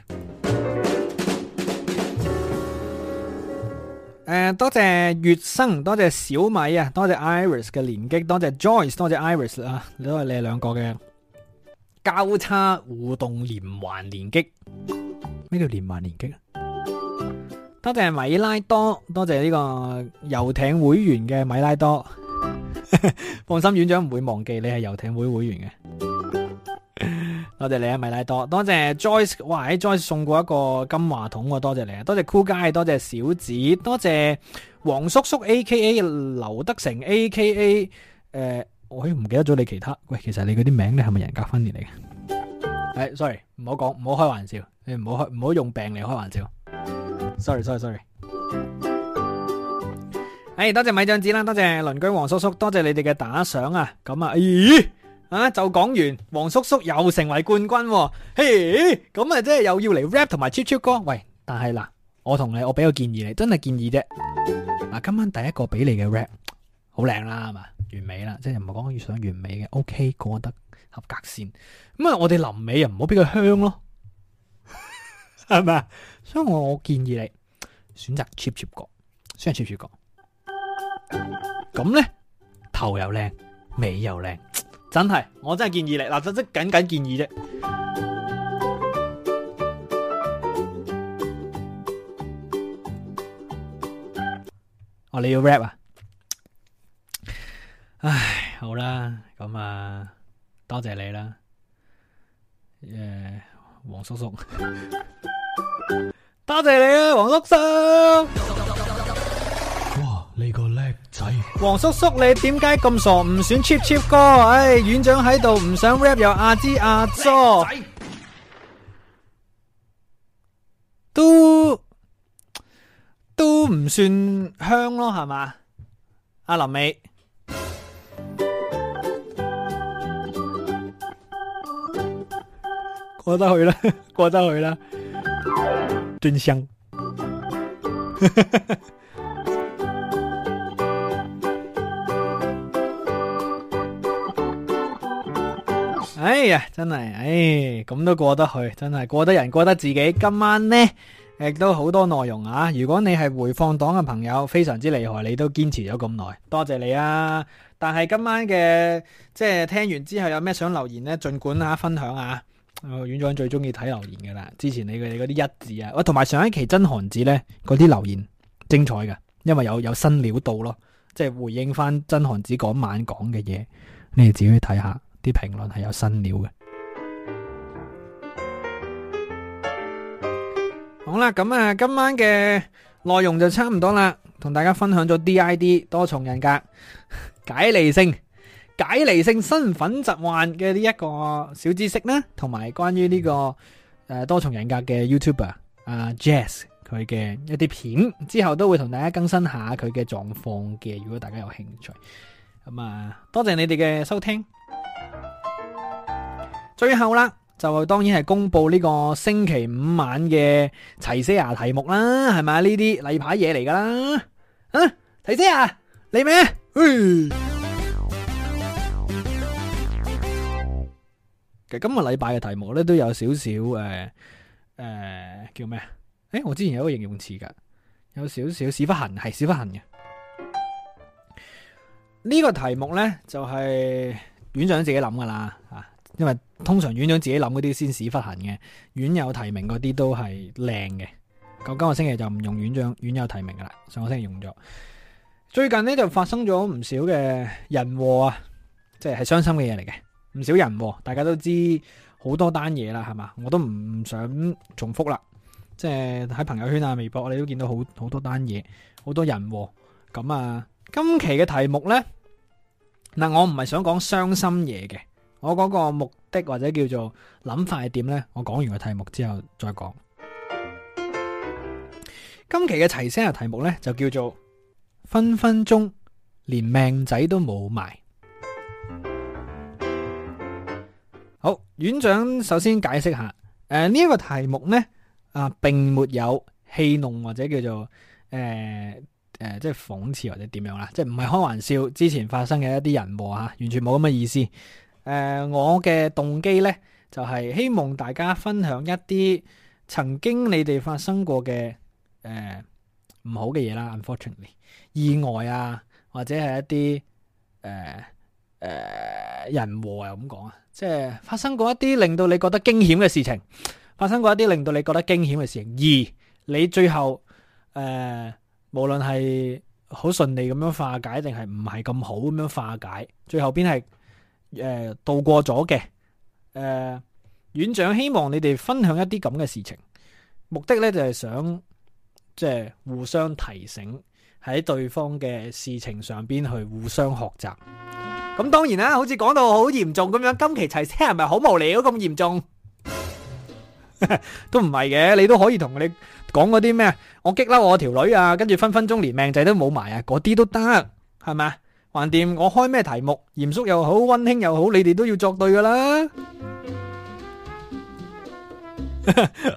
誒、 呃，多謝月生，多謝小米啊，多謝 Iris 嘅連擊，多謝 Joyce，多謝 Iris 啊！都你都係你哋兩個嘅交叉互動連環連擊。咩叫連環連擊啊？多謝米拉多，多謝呢個遊艇會員嘅米拉多。 放心，院長唔會忘記你係遊艇會會員嘅。 多謝你啊，米拉多。多謝 Joyce，哇，喺 Joyce 送過一個金話筒，我多謝你啊。多謝酷街。多謝小子，多謝黃叔叔 （A K A 劉德成 A K A） 誒，我唔記得咗你其他。喂，其實你嗰啲名咧係咪人格分裂嚟嘅？誒、哎，sorry，唔好講，唔好開玩笑，你唔好開，唔好用病嚟開玩笑。sorry，sorry，sorry。誒，多謝米張紙啦，多謝鄰居黃叔叔，多謝你哋嘅打賞啊。咁啊，咦、哎，啊、哎、就講完，黃叔叔又成為冠軍，嘿，咁啊，即係又要嚟 rap 同埋唱唱歌。喂，但係嗱，我同你，我俾個建議你，真係建議啫。嗱，今晚第一個俾你嘅 rap 好靚啦，係嘛，完美啦，即係唔係講要上完美嘅，OK，過得。合格線咁啊！我哋臨尾又唔好俾佢香咯，係咪啊？所以我建議你選擇 cheap cheap 角，選擇 cheap cheap 角咁咧，頭又靚，尾又靚，真係我真係建議你嗱，即係僅僅建議啫。哦，你 要 rap 啊？唉，好啦，咁、嗯、啊。多謝你啦，誒、yeah，黃叔叔， 多謝你啊，黃叔叔。哇，你個叻仔！黃叔叔你點解咁傻唔選 cheap cheap 歌？唉、哎，院長喺度唔想 rap 又阿芝阿叔，都都唔算香咯係嘛？阿臨尾過得去啦，過得去啦，尊香！ 哎呀，真係，哎咁都過得去，真係過得人過得自己。今晚呢，亦都好多內容啊！如果你係回放黨嘅朋友，非常之厲害，你都堅持咗咁耐，多謝你啊！但係今晚嘅即係聽完之後有咩想留言呢？盡管啊分享啊。我、哦、院長最中意睇留言噶啦，之前你哋嗰啲一字啊，我同埋上一期真韓子呢嗰啲留言精彩噶，因為有有新料到咯，即係回應翻真韓子嗰晚講嘅嘢，你哋自己去睇下啲評論係有新料嘅。好啦，咁啊，今晚嘅內容就差唔多啦，同大家分享咗 DID 多重人格解離性。解離性身份疾患嘅呢一個小知識啦，同埋關於呢、這個誒、呃、多重人格嘅 YouTuber 啊 Jazz 佢嘅一啲片，之後都會同大家更新一下佢嘅狀況嘅。如果大家有興趣，咁啊多謝你哋嘅收聽。 最後啦，就當然係公布呢個星期五晚嘅齊思雅題目啦，係咪？呢啲例牌嘢嚟噶啦，啊，齊思雅你咩？今個禮拜嘅題目咧都有少少誒誒、呃、叫咩誒，我之前有一個形容詞噶，有少少屎忽痕，係屎忽痕嘅。呢、呢個題目呢，就係院長自己諗噶啦，啊，因為通常院長自己諗嗰啲先屎忽痕嘅，院友提名嗰啲都係靚嘅。咁今個星期就唔用院長院友提名噶啦，上個星期用咗。最近呢，就發生咗唔少嘅人禍啊，即係係傷心嘅嘢嚟嘅。唔少人、哦，大家都知好多單嘢啦，係嘛？我都唔想重複啦，即係喺朋友圈啊、微博，我哋都見到好好多單嘢，好多人哦。咁啊，今期嘅題目呢，嗱，我唔係想講傷心嘢嘅，我嗰個目的或者叫做諗法係點呢？我講完個題目之後再講。今期嘅齊聲嘅題目呢，就叫做分分鐘連命仔都冇埋。好，院長首先解釋下，誒、呃、呢、呢個題目呢，啊，並沒有戲弄或者叫做誒誒、呃呃、即係諷刺或者點樣啦，即係唔係開玩笑之前發生嘅一啲人禍吓，完全冇咁嘅意思。誒、呃，我嘅動機呢，就係、是、希望大家分享一啲曾經你哋發生過嘅誒唔好嘅嘢啦，unfortunately 意外啊，或者係一啲誒。呃誒、呃，人和又咁講啊，即係發生過一啲令到你覺得驚險嘅事情，發生過一啲令到你覺得驚險嘅事情。二，你最後誒、呃，無論係好順利咁樣化解，定係唔係咁好咁樣化解，最後邊係誒度過咗嘅。誒、呃，院長希望你哋分享一啲咁嘅事情，目的呢就係、是、想即係、就是、互相提醒喺對方嘅事情上邊去互相學習。咁當然啦，好似講到好嚴重咁樣，今期齊聲係咪好無聊咁嚴重？都唔係嘅，你都可以同你講嗰啲咩？我激嬲我條女啊，跟住分分鐘連命仔都冇埋啊！嗰啲都得，係咪啊？橫掂我開咩題目，嚴肅又好，温馨又好，你哋都要作對噶啦。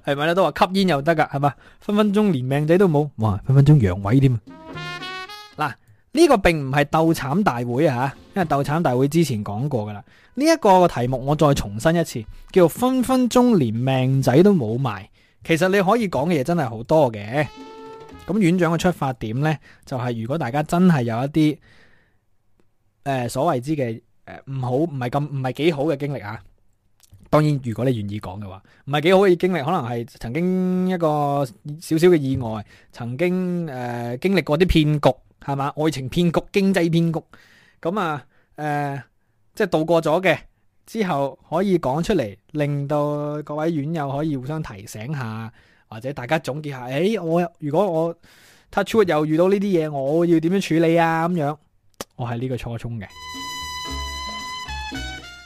係咪啦？都話吸煙又得㗎，係嘛？分分鐘連命仔都冇，哇！分分鐘陽痿添。呢、這個並唔係鬥慘大會啊，因為鬥慘大會之前講過噶啦。呢、這、一個題目我再重申一次，叫分分鐘連命仔都冇埋。其實你可以講嘅嘢真係好多嘅。咁院長嘅出發點呢就係、是、如果大家真係有一啲誒、呃、所謂之嘅誒唔好唔係咁唔係幾好嘅經歷啊。當然如果你願意講嘅話，唔係幾好嘅經歷，可能係曾經一個小小嘅意外，曾經誒、呃、經歷過啲騙局。係嘛？愛情騙局、經濟騙局，咁啊，誒、呃，即係度過咗嘅之後，可以講出嚟，令到各位院友可以互相提醒下，或者大家總結下，誒、哎，我如果我 touch wood 又遇到呢啲嘢，我要點樣處理啊？咁樣，我係呢個初衷嘅。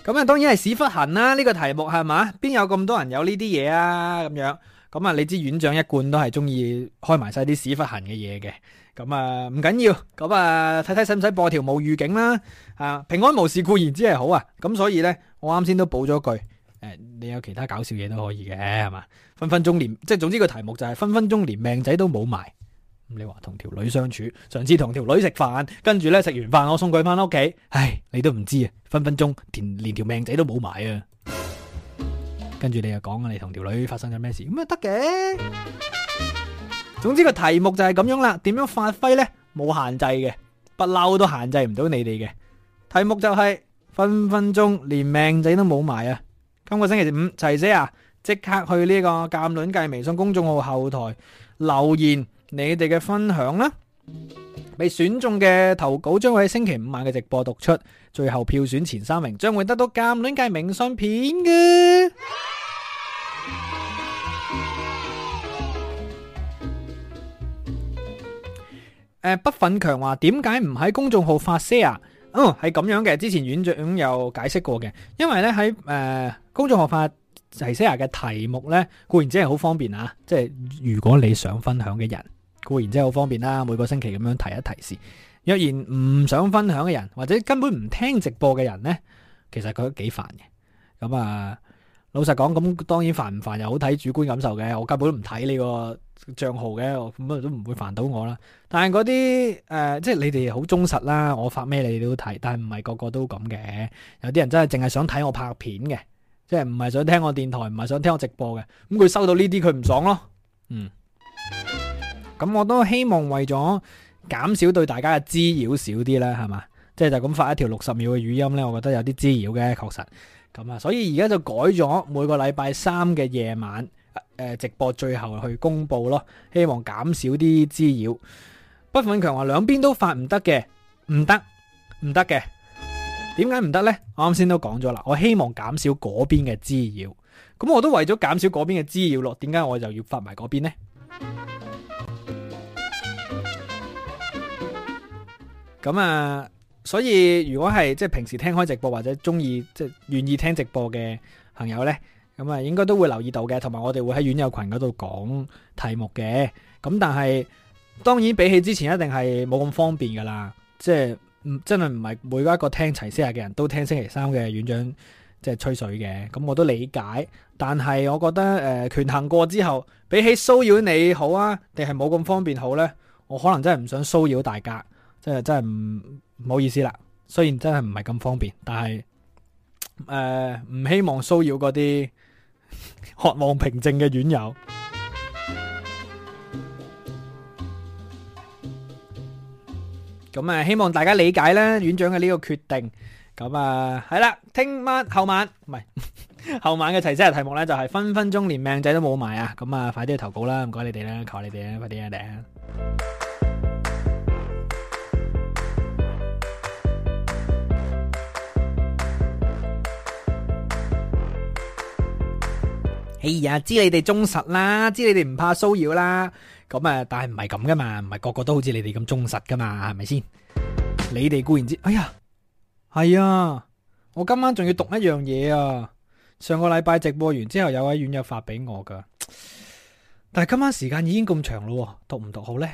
咁、嗯、啊，當然係屎忽痕啦！呢個題目係嘛？邊有咁多人有呢啲嘢啊？咁樣，咁啊，你知院長一貫都係中意開埋晒啲屎忽痕嘅嘢嘅。咁啊，唔緊要，咁啊，睇睇使唔使播條無預警啦，啊，平安無事固然之係好啊，咁所以咧，我啱先都補咗句，誒，你有其他搞笑嘢都可以嘅，係嘛，分分鐘連，即係總之個題目就係分分鐘連命仔都冇埋，咁你話同條女相處，上次同條女食飯，跟住咧食完飯我送佢翻屋企，唉，你都唔知啊，分分鐘連連條命仔都冇埋啊，跟住你又講你同條女發生咗咩事，咁又得嘅。總之個題目就係咁樣啦，點樣發揮呢？冇限制嘅，不嬲都限制唔到你哋嘅。題目就係、是、分分鐘連命仔都冇埋啊！今個星期五，齊姐啊，即刻去呢個鑑卵界微信公眾號後台留言你哋嘅分享啦。未選中嘅投稿將會喺星期五晚嘅直播讀出，最後票選前三名將會得到鑑卵界明信片嘅。誒，不憤強話點解唔喺公眾號發 share？哦，係咁樣嘅。之前院長有解釋過嘅，因為咧喺誒公眾號發係 share 嘅題目咧，固然真係好方便啊！即係如果你想分享嘅人，固然真係好方便啦，啊。每個星期咁樣提一提示。若然唔想分享嘅人，或者根本唔聽直播嘅人咧，其實佢都幾煩嘅。咁啊，老實講，咁當然煩唔煩又好睇主觀感受嘅。我根本都唔睇呢個賬號嘅咁都唔會煩到我啦，但係嗰啲誒，即係你哋好忠實啦，我發咩你哋都睇，但係唔係個個都咁嘅，有啲人真係淨係想睇我拍片嘅，即係唔係想聽我電台，唔係想聽我直播嘅，咁佢收到呢啲佢唔爽咯、啊，嗯。咁我都希望為咗減少對大家嘅滋擾少啲啦，係嘛，即係就咁、是、發一條六十秒嘅語音呢，我覺得有啲滋擾嘅，確實咁啊，所以而家就改咗每個禮拜三嘅夜晚。誒，直播最後去公布咯，希望減少啲滋擾。不粉強話兩邊都發唔得嘅，唔得，唔得嘅。點解唔得呢？我啱先都講咗啦，我希望減少嗰邊嘅滋擾。咁我都為咗減少嗰邊嘅滋擾咯。點解我就要發埋嗰邊呢？咁啊，所以如果係即係平時聽開直播或者中意即願意聽直播嘅朋友呢。咁啊，應該都會留意到嘅，同埋我哋會喺院友群嗰度講題目嘅。咁但係，當然比起之前，一定係冇咁方便噶啦。即係，真係唔係每一個聽齊思嘅人都聽星期三嘅院長即係吹水嘅。咁我都理解，但係我覺得誒、呃，權衡過之後，比起騷擾你好啊，定係冇咁方便好呢？我可能真係唔想騷擾大家，即係真係唔好意思啦。雖然真係唔係咁方便，但係誒，唔、呃、希望騷擾嗰啲，渴望平靜嘅院友，咁啊，希望大家理解咧，院長嘅呢個決定。咁啊，係啦，聽晚後晚唔係後晚嘅題，今日題目咧就係分分鐘連命仔都冇埋啊！咁啊，快啲去投稿啦，唔該你哋啦，求你哋啦，快啲啊你！哎呀，知你哋忠實啦，知你哋唔怕騷擾啦，咁啊，但係唔係咁噶嘛，唔係個個都好似你哋咁忠實噶嘛，係咪先？你哋固然知，哎呀，係啊，我今晚仲要讀一樣嘢啊，上個禮拜直播完之後有位網友發俾我噶，但係今晚時間已經咁長咯，讀唔讀好呢？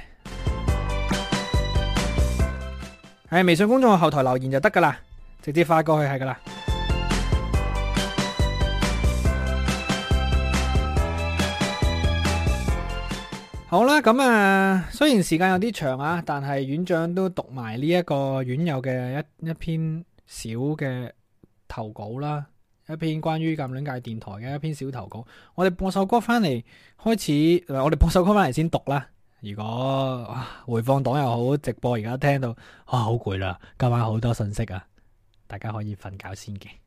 喺微信公眾號後台留言就得噶啦，直接發過去係噶啦。好啦，咁啊，雖然時間有啲長啊，但係院長都讀埋呢一個院友嘅一一篇小嘅投稿啦，一篇關於咁兩界電台嘅一篇小投稿。我哋播首歌翻嚟開始，嗱我哋播首歌翻嚟先讀啦。如果、啊、回放檔又好，直播而家聽到啊好攰啦，今晚好多信息啊，大家可以瞓覺先嘅。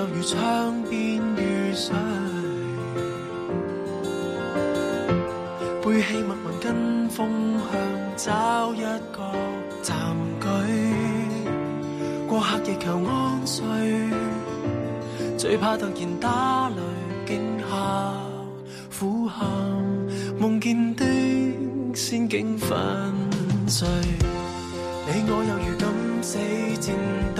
又如窗邊雨水，背棄密雲跟風向，找一個暫居。過客亦求安睡，最怕突然打雷驚嚇，苦喊夢見的仙境粉碎。你我又如今死戰。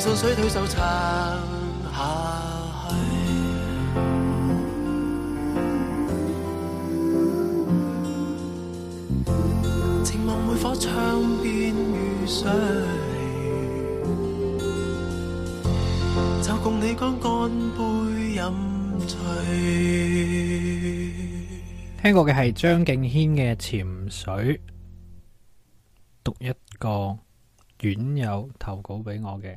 《潛水》推手撐下去，情望每顆窗邊雨水，就共你乾乾杯飲醉。聽過嘅係張敬軒嘅《潛水》，讀一個遠友投稿俾我嘅。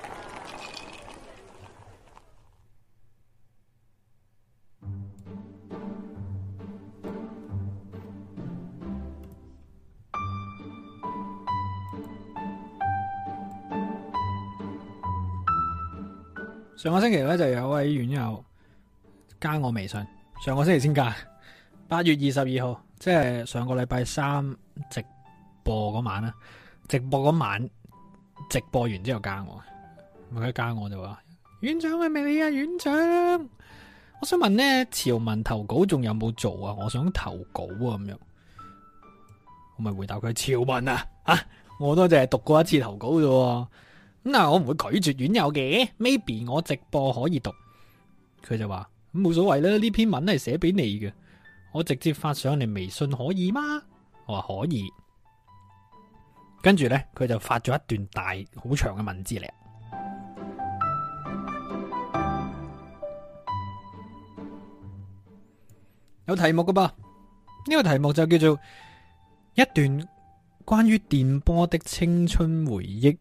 上個星期咧，就有位院友加我微信。上個星期先加，八月二十二號，即係上個禮拜三直播嗰晚直播嗰晚直播完之後加我，佢加我就話：院長係咪你啊？院長，我想問呢，潮文投稿仲有冇做啊？我想投稿啊，咁樣，我咪回答佢：潮文啊，吓、啊，我都淨係讀過一次投稿啫。咁我唔會拒絕院友嘅。Maybe 我直播可以讀。佢就話咁冇所謂啦。呢篇文係寫俾你嘅，我直接發上嚟微信可以嗎？我話可以，跟住呢，佢就發咗一段大好長嘅文字嚟，有題目噶噃，呢、這個題目就叫做一段關於電波的青春回憶。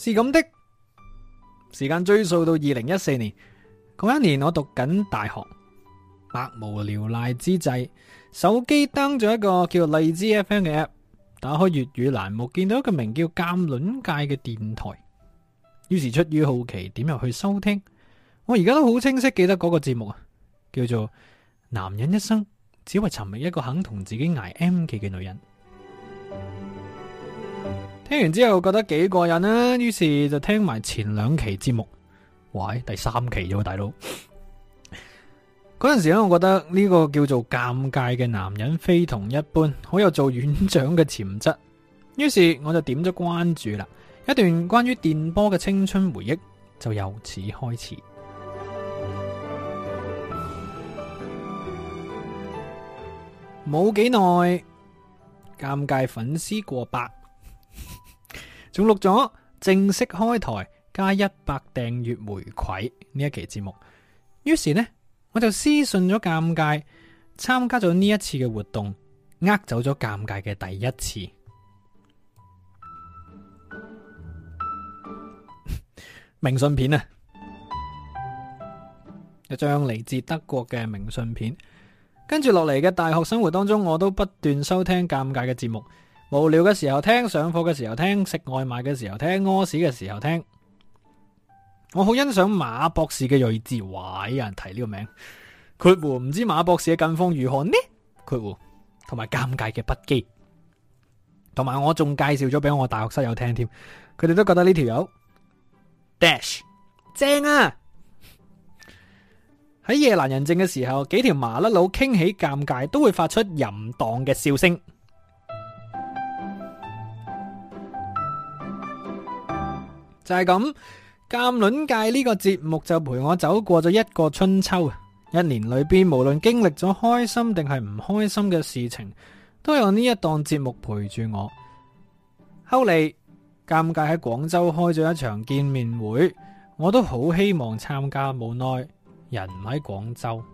是咁的，時間追溯到二零一四年嗰一年，我讀緊大學，百無聊賴之際，手機登咗一個叫荔枝 FM 嘅 app，打開粵語欄目，見到一個名叫鑑論界嘅電台，於是出於好奇，點入去收聽。我而家都好清晰記得嗰個節目啊，叫做《男人一生只為尋覓一個肯同自己挨 M 記嘅女人》。聽完之後覺得幾過癮啊，於是就聽埋前兩期節目。喂，第三期咗大佬。嗰 陣時咧，我覺得呢個叫做尷尬嘅男人非同一般，好有做院長嘅潛質。於是我就點咗關注啦。一段關於電波嘅青春回憶就由此開始。冇幾耐，尷尬粉絲過百。仲錄咗正式開台加一百訂閱回饋呢一期節目，於是呢，我就私信咗尷尬，參加咗呢一次嘅活動，呃走咗尷尬嘅第一次明信片啊，一張嚟自德國嘅明信片，跟住落嚟嘅大學生活當中，我都不斷收聽尷尬嘅節目。無聊嘅時候聽，上課嘅時候聽，食外賣嘅時候聽，屙屎嘅時候聽。我好欣賞馬博士嘅睿智，話有人提呢個名。括弧唔知馬博士嘅近況如何呢？括弧同埋尷尬嘅筆記，同埋我仲介紹咗俾我大學室友聽添，佢哋都覺得呢條友 Dash 正啊！喺夜闌人靜嘅時候，幾條麻甩佬傾起尷尬，都會發出淫蕩嘅笑聲。就係、是、咁，鑑論界呢個節目就陪我走過咗一個春秋。一年裏邊，無論經歷咗開心定係唔開心嘅事情，都有呢一檔節目陪住我。後嚟，鑑界喺廣州開咗一場見面會，我都好希望參加，無奈人喺廣州。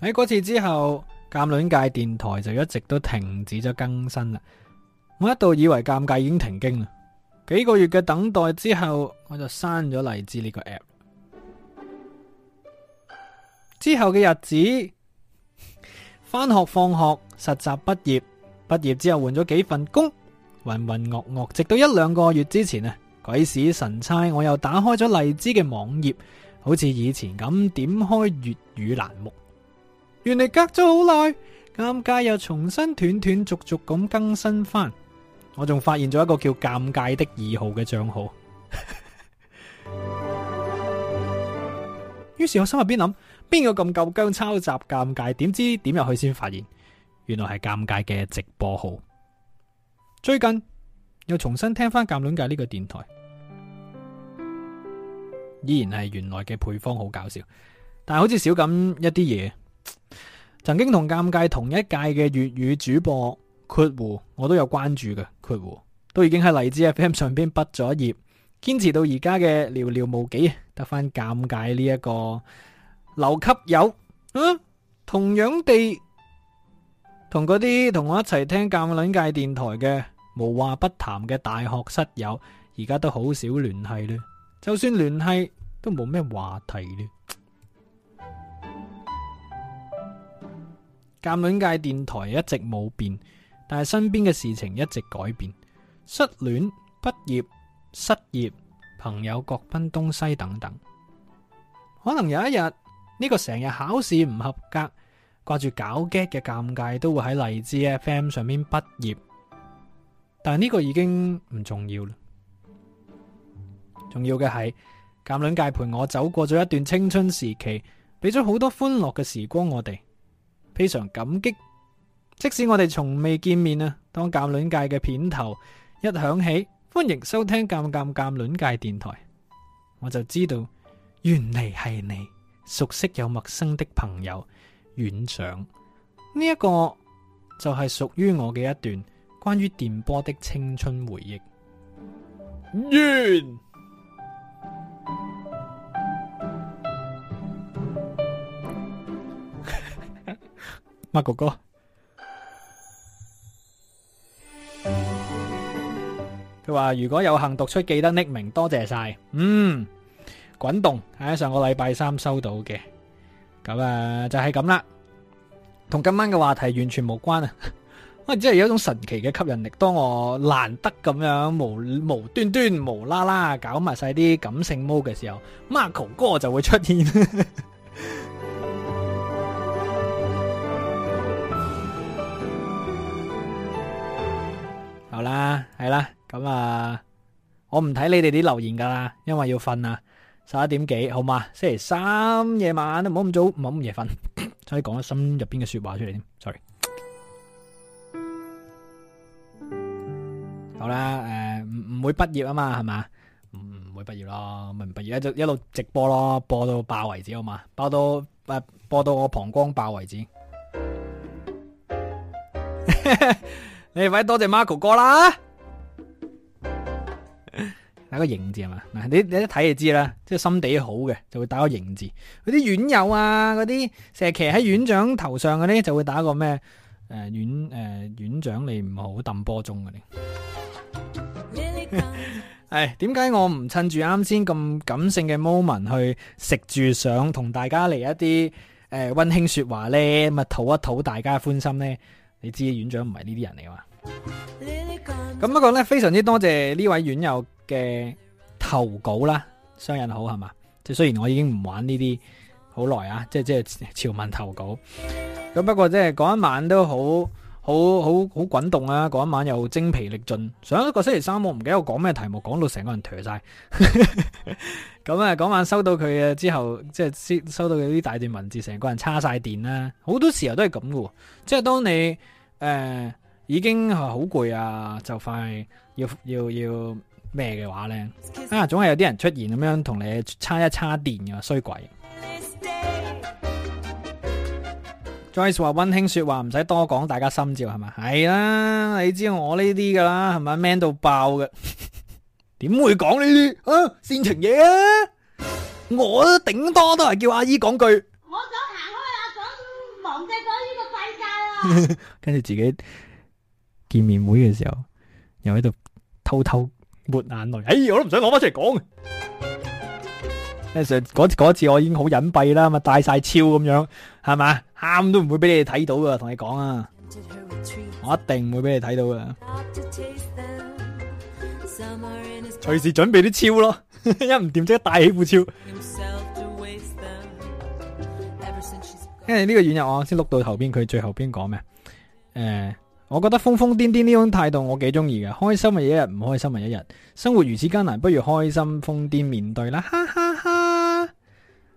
喺嗰次之後，鑑論界電台就一直都停止咗更新啦，我一度以為鑑界已經停經啦。幾個月嘅等待之後，我就刪咗荔枝呢個 app。之後嘅日子，返學、放學、實習、畢業，畢業之後換咗幾份工，渾渾噩噩，直到一兩個月之前啊，鬼使神差，我又打開咗荔枝嘅網頁，好似以前咁點開粵語欄目。原嚟隔咗好耐，尷尬又重新斷斷續續咁更新翻。我仲發現咗一個叫尷尬的二號嘅賬號。帳號 於是我心入邊諗，邊個咁夠姜抄襲尷尬？點知點入去先發現，原來係尷尬嘅直播號。最近又重新聽翻《尷尬》呢、呢個電台，依然係原來嘅配方，好搞笑，但係好似少咁一啲嘢。曾經同尷尬同一屆嘅粵語主播括弧，Kutu, 我都有關注嘅括弧，Kutu, 都已經喺荔枝 FM 上邊畢咗業，堅持到而家嘅寥寥無幾，得翻尷尬呢、這、一個留級友啊，同樣地同嗰啲同我一齊聽尷尬呢屆電台嘅無話不談嘅大學室友，而家都好少聯繫咧，就算聯繫都冇咩話題咧。監論界電台一直冇變，但係身邊嘅事情一直改變，失戀、畢業、失業、朋友各奔東西等等，可能有一日呢個成日考試唔合格、掛住搞 gag 嘅尷尬，都會喺荔枝 FM 上面畢業，但係呢個已經唔重要啦。重要嘅係，監論界陪我走過咗一段青春時期，俾咗好多歡樂嘅時光我哋。非常感激，即使我哋從未見面啊！當《鑑戀界》嘅片頭一響起，歡迎收聽《鑑鑑鑑戀界》電台，我就知道原來是，原嚟係你熟悉又陌生的朋友院長。呢、這、一個就係屬於我嘅一段關於電波的青春回憶。願。Marco 哥哥，佢話如果有幸讀出，記得匿名，多謝晒。嗯，滾動喺上個禮拜三收到嘅，咁啊就係咁啦，同今晚嘅話題完全無關啊！我真係有一種神奇嘅吸引力，當我難得咁樣無無端端、無啦啦搞埋晒啲感性毛嘅時候，Marco 哥就會出現。啦，係啦，咁、嗯、啊，我唔睇你哋啲留言噶啦，因為要瞓啊，十一點幾，好嘛？星期三夜晚都唔好咁早，唔好咁夜瞓，所以講咗心入邊嘅說話出嚟。Sorry，好啦，誒、呃，唔唔會畢業啊嘛，係嘛？唔會畢業咯，咪唔畢業，一一路直播咯，播到爆為止好嘛？爆到誒、呃，播到我膀胱爆為止。 你咪多謝，謝 Marco 哥啦， 打個型字係嘛？嗱，你你一睇就知啦，即係心地好嘅，就會打個型字。嗰啲院友啊，嗰啲成日騎喺院長頭上嘅咧，就會打個咩？誒、呃，院誒、呃，院長你唔好揼波鐘嘅。係點解我唔趁住啱先咁感性嘅 moment 去食住想同大家嚟一啲誒溫馨說話咧，咁啊討一討大家嘅歡心咧？你知院長唔係呢啲人嚟嘛？咁不過咧，非常之多謝呢位院友嘅投稿啦，相引好，係嘛？即係雖然我已經唔玩呢啲好耐啊，即係即係潮文投稿。咁不過即係嗰一晚都好好好好滾動啦、啊。嗰一晚又精疲力盡。上一個星期三我唔記得我講咩題目，講到成個人頹晒。咁啊，嗰晚收到佢嘅之後，即係收到佢啲大段文字，成個人叉晒電啦、啊。好多時候都係咁噶，即係當你。誒、嗯，已經係好攰啊，就快要要要咩嘅話咧啊，總係有啲人出現咁樣同你叉一叉電啊衰鬼。 Joyce 話温馨說話唔使多講，大家心照係咪？係啦、啊，你知我呢啲噶啦，係咪 man 到爆嘅？點 會講呢啲啊煽情嘢啊？ 我頂多都係叫阿姨講句。我跟住自己見面會嘅時候，又喺度偷偷抹眼淚。哎，我都唔想攞翻出嚟講。那時候嗰嗰次我已經好隱蔽啦，咪帶晒超咁樣，係嘛，喊都唔會俾你哋睇到噶，同你講啊，我一定唔會俾你睇到噶。隨時準備啲超咯，一唔掂即刻戴起副超。因為呢個院日我先錄到後邊，佢最後邊講咩？誒、呃，我覺得瘋瘋癲癲呢種態度我挺喜歡的，我幾中意嘅，開心咪一日，唔開心咪一日。生活如此艱難，不如開心瘋癲面對啦，哈，哈哈哈。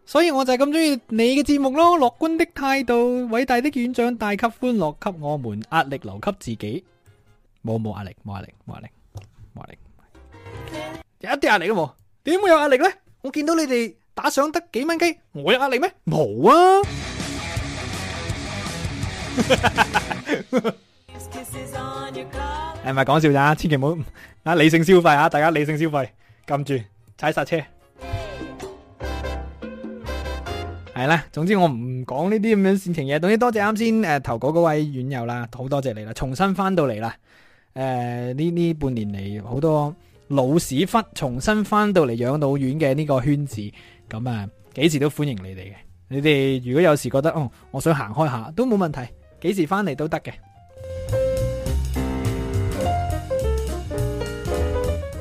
所以我就係咁中意你嘅節目咯。樂觀的態度，偉大的院長帶給歡樂，給我們壓力留給自己冇，冇壓力？冇壓力，冇壓力，冇壓力，有啲壓力嘅，冇點會有壓力呢？我見到你哋打賞得幾蚊雞，我有壓力咩？冇啊。係咪講笑咋？ 千祈唔好啊！ 理性消費啊！大家理性消費，撳住踩剎車。係啦， 總之我唔講呢啲咁樣煽情嘢。等於多謝啱先誒、呃，頭果嗰位院友啦，好多謝你啦，重新翻到嚟啦。誒、呃，呢呢半年嚟好多老屎忽，重新翻到嚟養老院嘅呢個圈子，咁啊，幾時都歡迎你哋嘅。你哋如果有時覺得，哦，我想行開一下，都冇問題。幾時翻嚟都得嘅。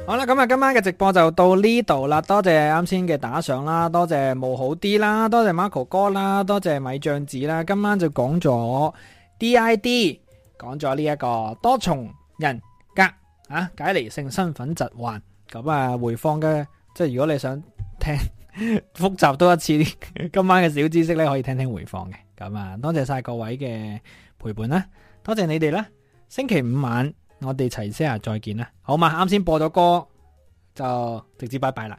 好啦，咁啊，今晚嘅直播就到呢度啦。多謝啱先嘅打賞啦，多謝冇好啲啦，多謝 Marco 哥啦，多謝米醬子啦。今晚就講咗 DID，講咗呢一個多重人格啊，解離性身份疾患。咁啊，回放嘅，即係如果你想聽 複習多一次今晚嘅小知識呢，可以聽聽回放嘅。咁啊，多謝晒各位嘅陪伴啦，多謝你哋啦。星期五晚我哋齊聲下再見啦，好嘛？啱先播咗歌就直接拜拜啦，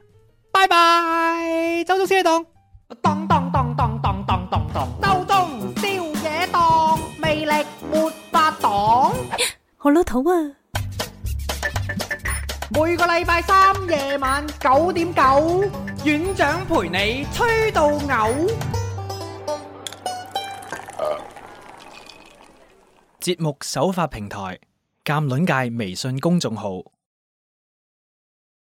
拜拜！周中宵檔，檔當當當當當當當周中宵夜檔魅力沒法擋，好老土啊！每個禮拜三夜晚九點九，院長陪你吹到嘔。節目首發平台：鑑論界微信公眾號。